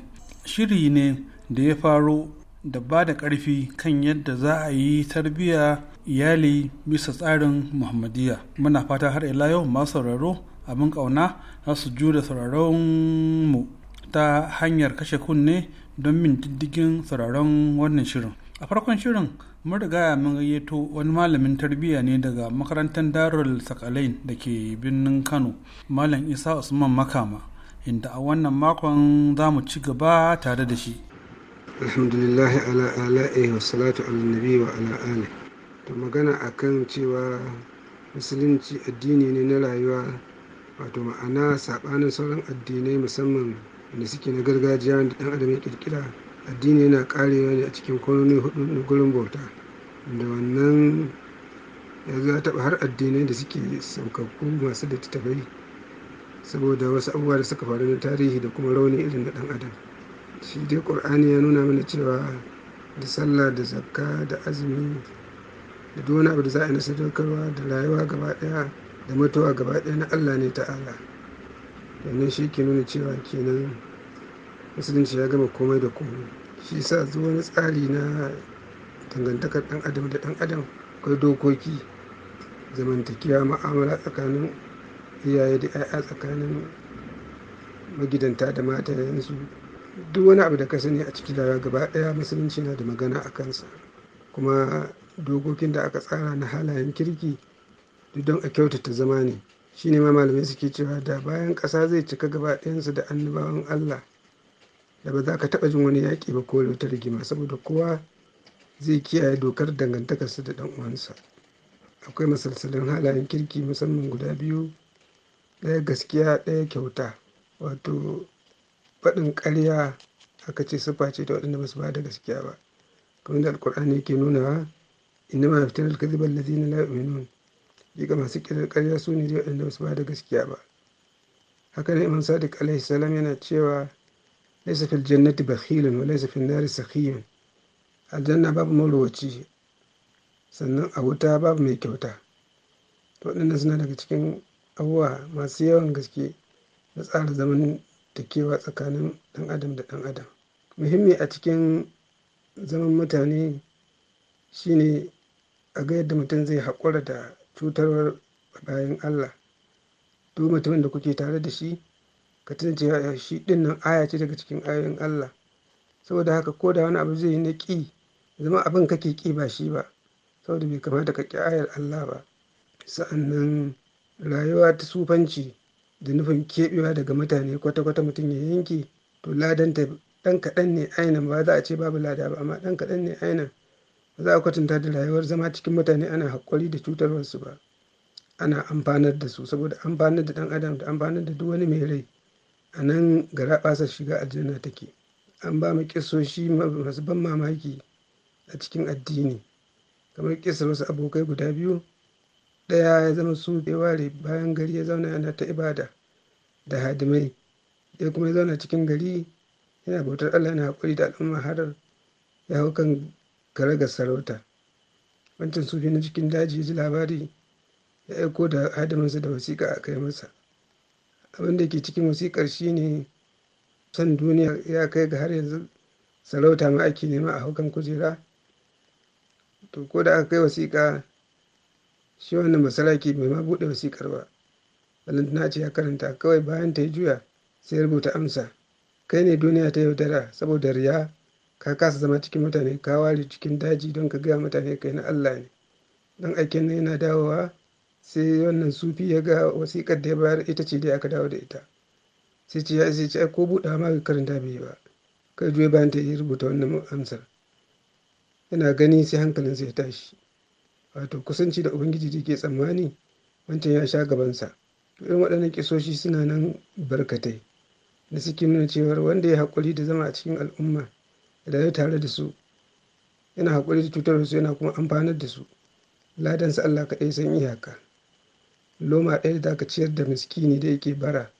B: shiri ne da ya faro da ba da ƙarfi kan yadda za a yi tarbiyya iyali bisa tsarin muhammadiyya muna fata har ila yau masu sauraro abin ƙauna za su jure sauraron mu ta hanyar kashe kunne don min diddigin sauraron wannan shirin a farkon shirin mun riga mun gayyato wani malamin tarbiyya ne daga makarantar darul sakalain da ke birnin kano malam isa usman makama inda a wannan makon za mu ci gaba tare da shi Alhamdulillahi ala ala'i wa salatu ala wa ala ali to magana a kan cewa
M: musulunci addini ne na rayuwa wato ma'ana saɓanin sauran addinai musamman da suke na gargajiya da ɗan adam ya ƙirƙira addini yana karewa ne a cikin kwanoni hudu na gurin bauta da wannan ya za taɓa har addinai da suke saukakku masu da saboda wasu abubuwa da suka faru na tarihi da kuma rauni irin na ɗan'adam, adam shi dai ƙur'ani ya nuna mana cewa da sallah da zakka da azumi da duk wani abu da za a yi na sadaukarwa da rayuwa gaba daya da mutuwa gaba daya na allah ne ta'ala wannan shi ke nuna cewa kenan musulunci ya gama komai da komai shi sa zuwa wani tsari na dangantakar ɗan adam da ɗan adam akwai dokoki zamantakewa ma'amala tsakanin iyaye da 'ya'ya tsakanin magidanta da mata yanzu duk wani abu da ka sani a ciki rayuwa gaba daya musulunci na da magana a kansa kuma dokokin da aka tsara na halayen kirki duk don a kyautata zama ne shine ma malamai suke cewa da bayan kasa zai cika gaba ɗayansu da annabawan allah da ba za ka taba jin wani yaƙi ba ko ta rigima saboda kowa zai kiyaye dokar dangantakarsa da ɗan uwansa akwai masalsalin halayen kirki musamman guda biyu ɗaya gaskiya ɗaya kyauta wato faɗin ƙarya aka ce sifa ce ta waɗanda ba su ba da gaskiya ba kamar da alkur'ani yake nunawa inda ma fitar da na allazina la yu'minun ga masu kirar ƙarya su ne zai waɗanda ba su ba da gaskiya ba haka ne imam sadiq alaihi salam yana cewa laisa fil jannati bakhilun wa laisa fil nari sakhiyun aljanna babu marwaci sannan a wuta babu mai kyauta to waɗannan suna daga cikin abubuwa masu yawan gaske na tsara zaman kewa tsakanin ɗan adam da ɗan adam muhimmi a cikin zaman mutane shine a ga yadda mutum zai haƙura da cutarwar bayan allah duk mutumin da kuke tare da shi ka tuna cewa shi ɗin nan aya ce daga cikin ayoyin allah saboda haka ko da wani abu zai yi na ƙi zama abin kake ƙi ba shi ba saboda bai kamata ka ƙi ayar allah ba sa'annan rayuwa ta sufanci da nufin keɓewa daga mutane kwata-kwata mutum ya yanke to Ladan ta ɗan kaɗan ne ainihin ba za a ce babu lada ba amma ɗan kaɗan ne ainihin ba za a kwatanta da rayuwar zama cikin mutane ana haƙuri da cutarwarsu ba ana amfanar da su saboda amfanar da ɗan adam da amfanar da duk wani mai rai a nan gara ɓasa shiga aljanna take an ba mu ƙisoshi masu ban mamaki a cikin addini kamar ƙisar wasu abokai guda biyu ɗaya ya zama su ya ware bayan gari ya zauna yana ta ibada da hadimai ya kuma ya zauna cikin gari yana bautar allah yana haƙuri da al'umma har ya hau kan ga sarauta wancan sufi na cikin daji ji labari ya aiko da hadiminsa da wasiƙa a kai masa abin da ke cikin wasiƙar shine san duniya ya kai ga har yanzu sarauta ma ake nema a haukan kujera to ko da aka kai wasiƙa shi wannan masalaki bai ma buɗe wasikar ba balantana ce ya karanta kawai bayan ta yi juya sai rubuta amsa kai ne duniya ta yaudara saboda riya ka kasa zama cikin mutane ka ware cikin daji don ka gaya mutane kai na allah ne don aikin na yana dawowa sai wannan sufi ya ga wasikar da ya bayar ita ce dai aka dawo da ita sai ce ya ce ce ko buɗa ma karanta bai ba kai juya bayan ta yi rubuta wannan amsar yana gani sai hankalinsa ya tashi wato kusanci da ubangiji ke tsammani wancan ya sha gabansa to irin waɗannan kisoshi suna nan barkatai da suke nuna cewar wanda ya haƙuri da zama a cikin al'umma da ya tare da su yana haƙuri da cutar su yana kuma amfanar da su ladansa Allah kaɗai san iyaka loma ɗaya da aka ciyar da miskini da yake bara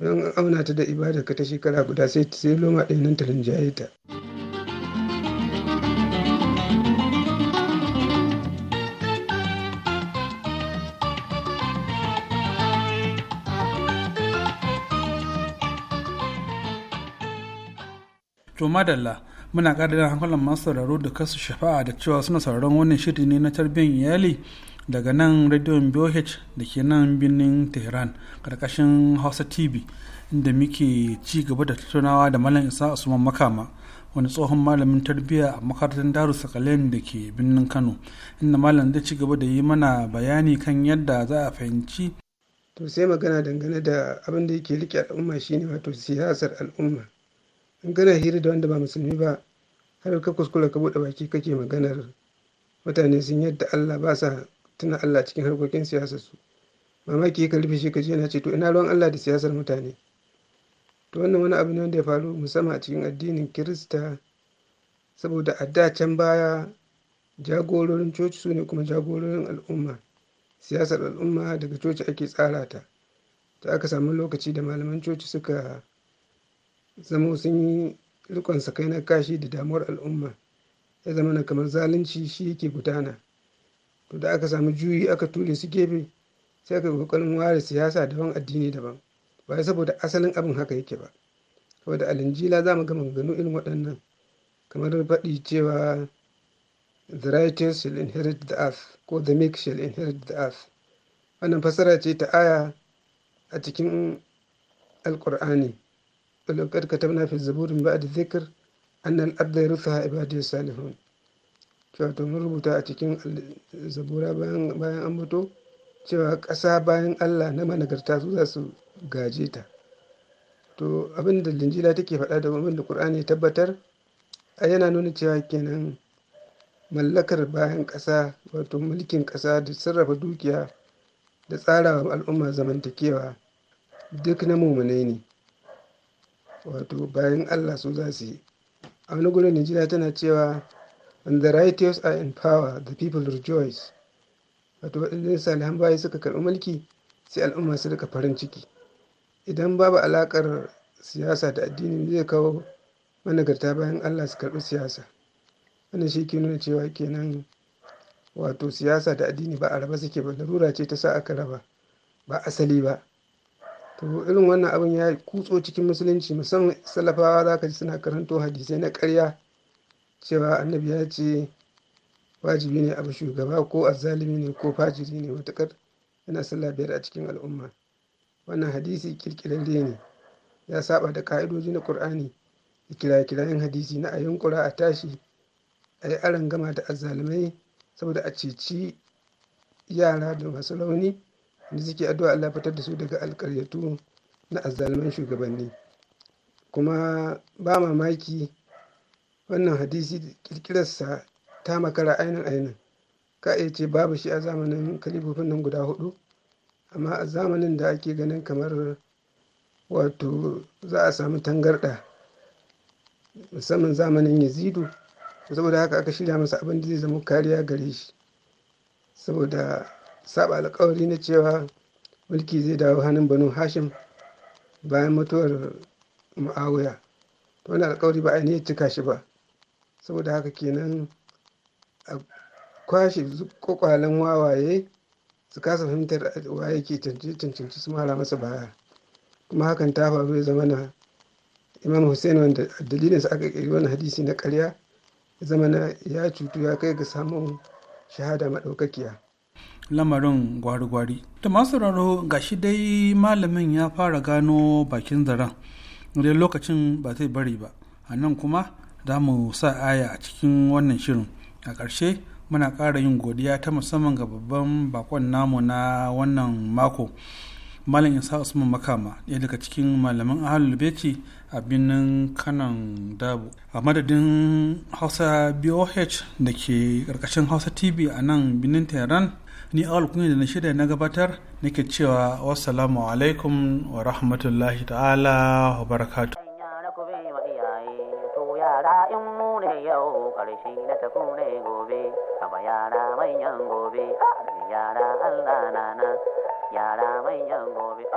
M: don an auna ta da ibada ka ta shekara guda sai loma ɗaya nan ta rinjaye ta.
B: to madalla muna da hankalin masu sauraro da kasu shafa'a da cewa suna sauraron wannan shiri ne na tarbiyyar iyali daga nan rediyon boh da ke nan birnin tehran karkashin hausa tv inda muke ci gaba da tattaunawa da malam isa usman makama wani tsohon malamin tarbiyya a makarantar daru sakalen da ke birnin kano inda malam zai ci gaba da yi mana bayani kan yadda za a fahimci
M: to sai magana dangane da abin da yake rike al'umma shine wato siyasar al'umma in hira da wanda ba musulmi ba har ka kuskura ka bude baki kake maganar mutane sun yadda Allah ba sa tuna Allah cikin harkokin siyasar su mamaki ka rufe shi ka ce na ce to ina ruwan Allah da siyasar mutane to wannan wani abu ne wanda ya faru musamman a cikin addinin Kirista saboda a da can baya jagororin coci su ne kuma jagororin al'umma siyasar al'umma daga coci ake tsara ta ta aka samu lokaci da malaman coci suka zama sun yi rikon na kashi da damuwar al'umma ya zama na kamar zalunci shi yake gudana to da aka samu juyi aka ture su gefe sai aka kokarin ware siyasa daban addini daban ba saboda asalin abin haka yake ba saboda alinjila za mu ga maganganu irin waɗannan kamar faɗi cewa the righteous shall inherit the earth ko the meek shall inherit the earth wannan fassara ce ta aya a cikin alkur'ani ولقد كتبنا في الزبور من بعد الذكر أن الأرض يرثها عبادي الصالحون mun rubuta a cikin zabura bayan an bato cewa ƙasa bayan allah na managarta su zasu gaje ta to abin da linjila take faɗa da abin da ƙur'ani tabbatar a yana nuna cewa kenan mallakar bayan ƙasa wato mulkin ƙasa da sarrafa dukiya da tsarawa al'umma zamantakewa duk na mummunai ne wato bayan allah su za su yi a wani gudun nigeria tana cewa when the righteous are in power the people rejoice wato waɗanda salihan bayi suka karɓi mulki sai al'umma su rika farin ciki idan babu alaƙar siyasa da addini zai kawo managarta bayan allah su karɓi siyasa wannan shi ke nuna cewa kenan wato siyasa da addini ba a raba suke ba larura ce ta sa aka raba ba asali ba to irin wannan abin ya kutso cikin musulunci musamman salafawa za ka ji suna karanto hadisai na karya cewa annabi ya ce wajibi ne abu shugaba ko azalimi ne ko fajiri ne matukar yana sallah biyar a cikin al'umma wannan hadisi kirkirarre ne ya saba da ka'idoji na qur'ani da kira-kirayen hadisi na a yunkura a tashi a yi aron gama da azalimai saboda a ceci yara da masu rauni da suke addu'a Allah fitar da su daga alƙaryatu na azalman shugabanni kuma ba mamaki wannan hadisi kirkirarsa ta makara ainin ainin ka iya ce babu shi a zamanin kalibofin nan guda hudu amma a zamanin da ake ganin kamar wato za a samu tangarɗa musamman zamanin yazidu saboda haka aka shirya masa abin da zai zama kariya gare shi saboda saba alkawari na cewa mulki zai dawo hannun banu hashim bayan mutuwar ma'awuya to wani alkawari ba ne cika shi ba saboda haka kenan a kwashe kwakwalen wawaye su kasa fahimtar waye ke cancanci su mara masa baya kuma hakan ta faru ya zama na imam hussein wanda dalilin sa aka kiri wani hadisi na karya ya zama na ya cutu ya kai ga samun shahada maɗaukakiya
B: lamarin gwari-gwari ta masu raro ga shi dai malamin ya fara gano bakin zaren da lokacin ba zai bari ba a nan kuma za mu sa aya a cikin wannan shirin a ƙarshe muna ƙara yin godiya ta musamman ga babban bakon namu na wannan mako malam isa usman makama ɗaya daga cikin malaman ahalul beci a birnin kanan dabu a madadin hausa boh da ke ƙarƙashin hausa tv a nan birnin tehran ni awal ne da na shirya na gabatar nake cewa wassalamu alaikum wa rahmatullahi ta'ala wa barakatu yara manyan
G: gobe yara manyan gobe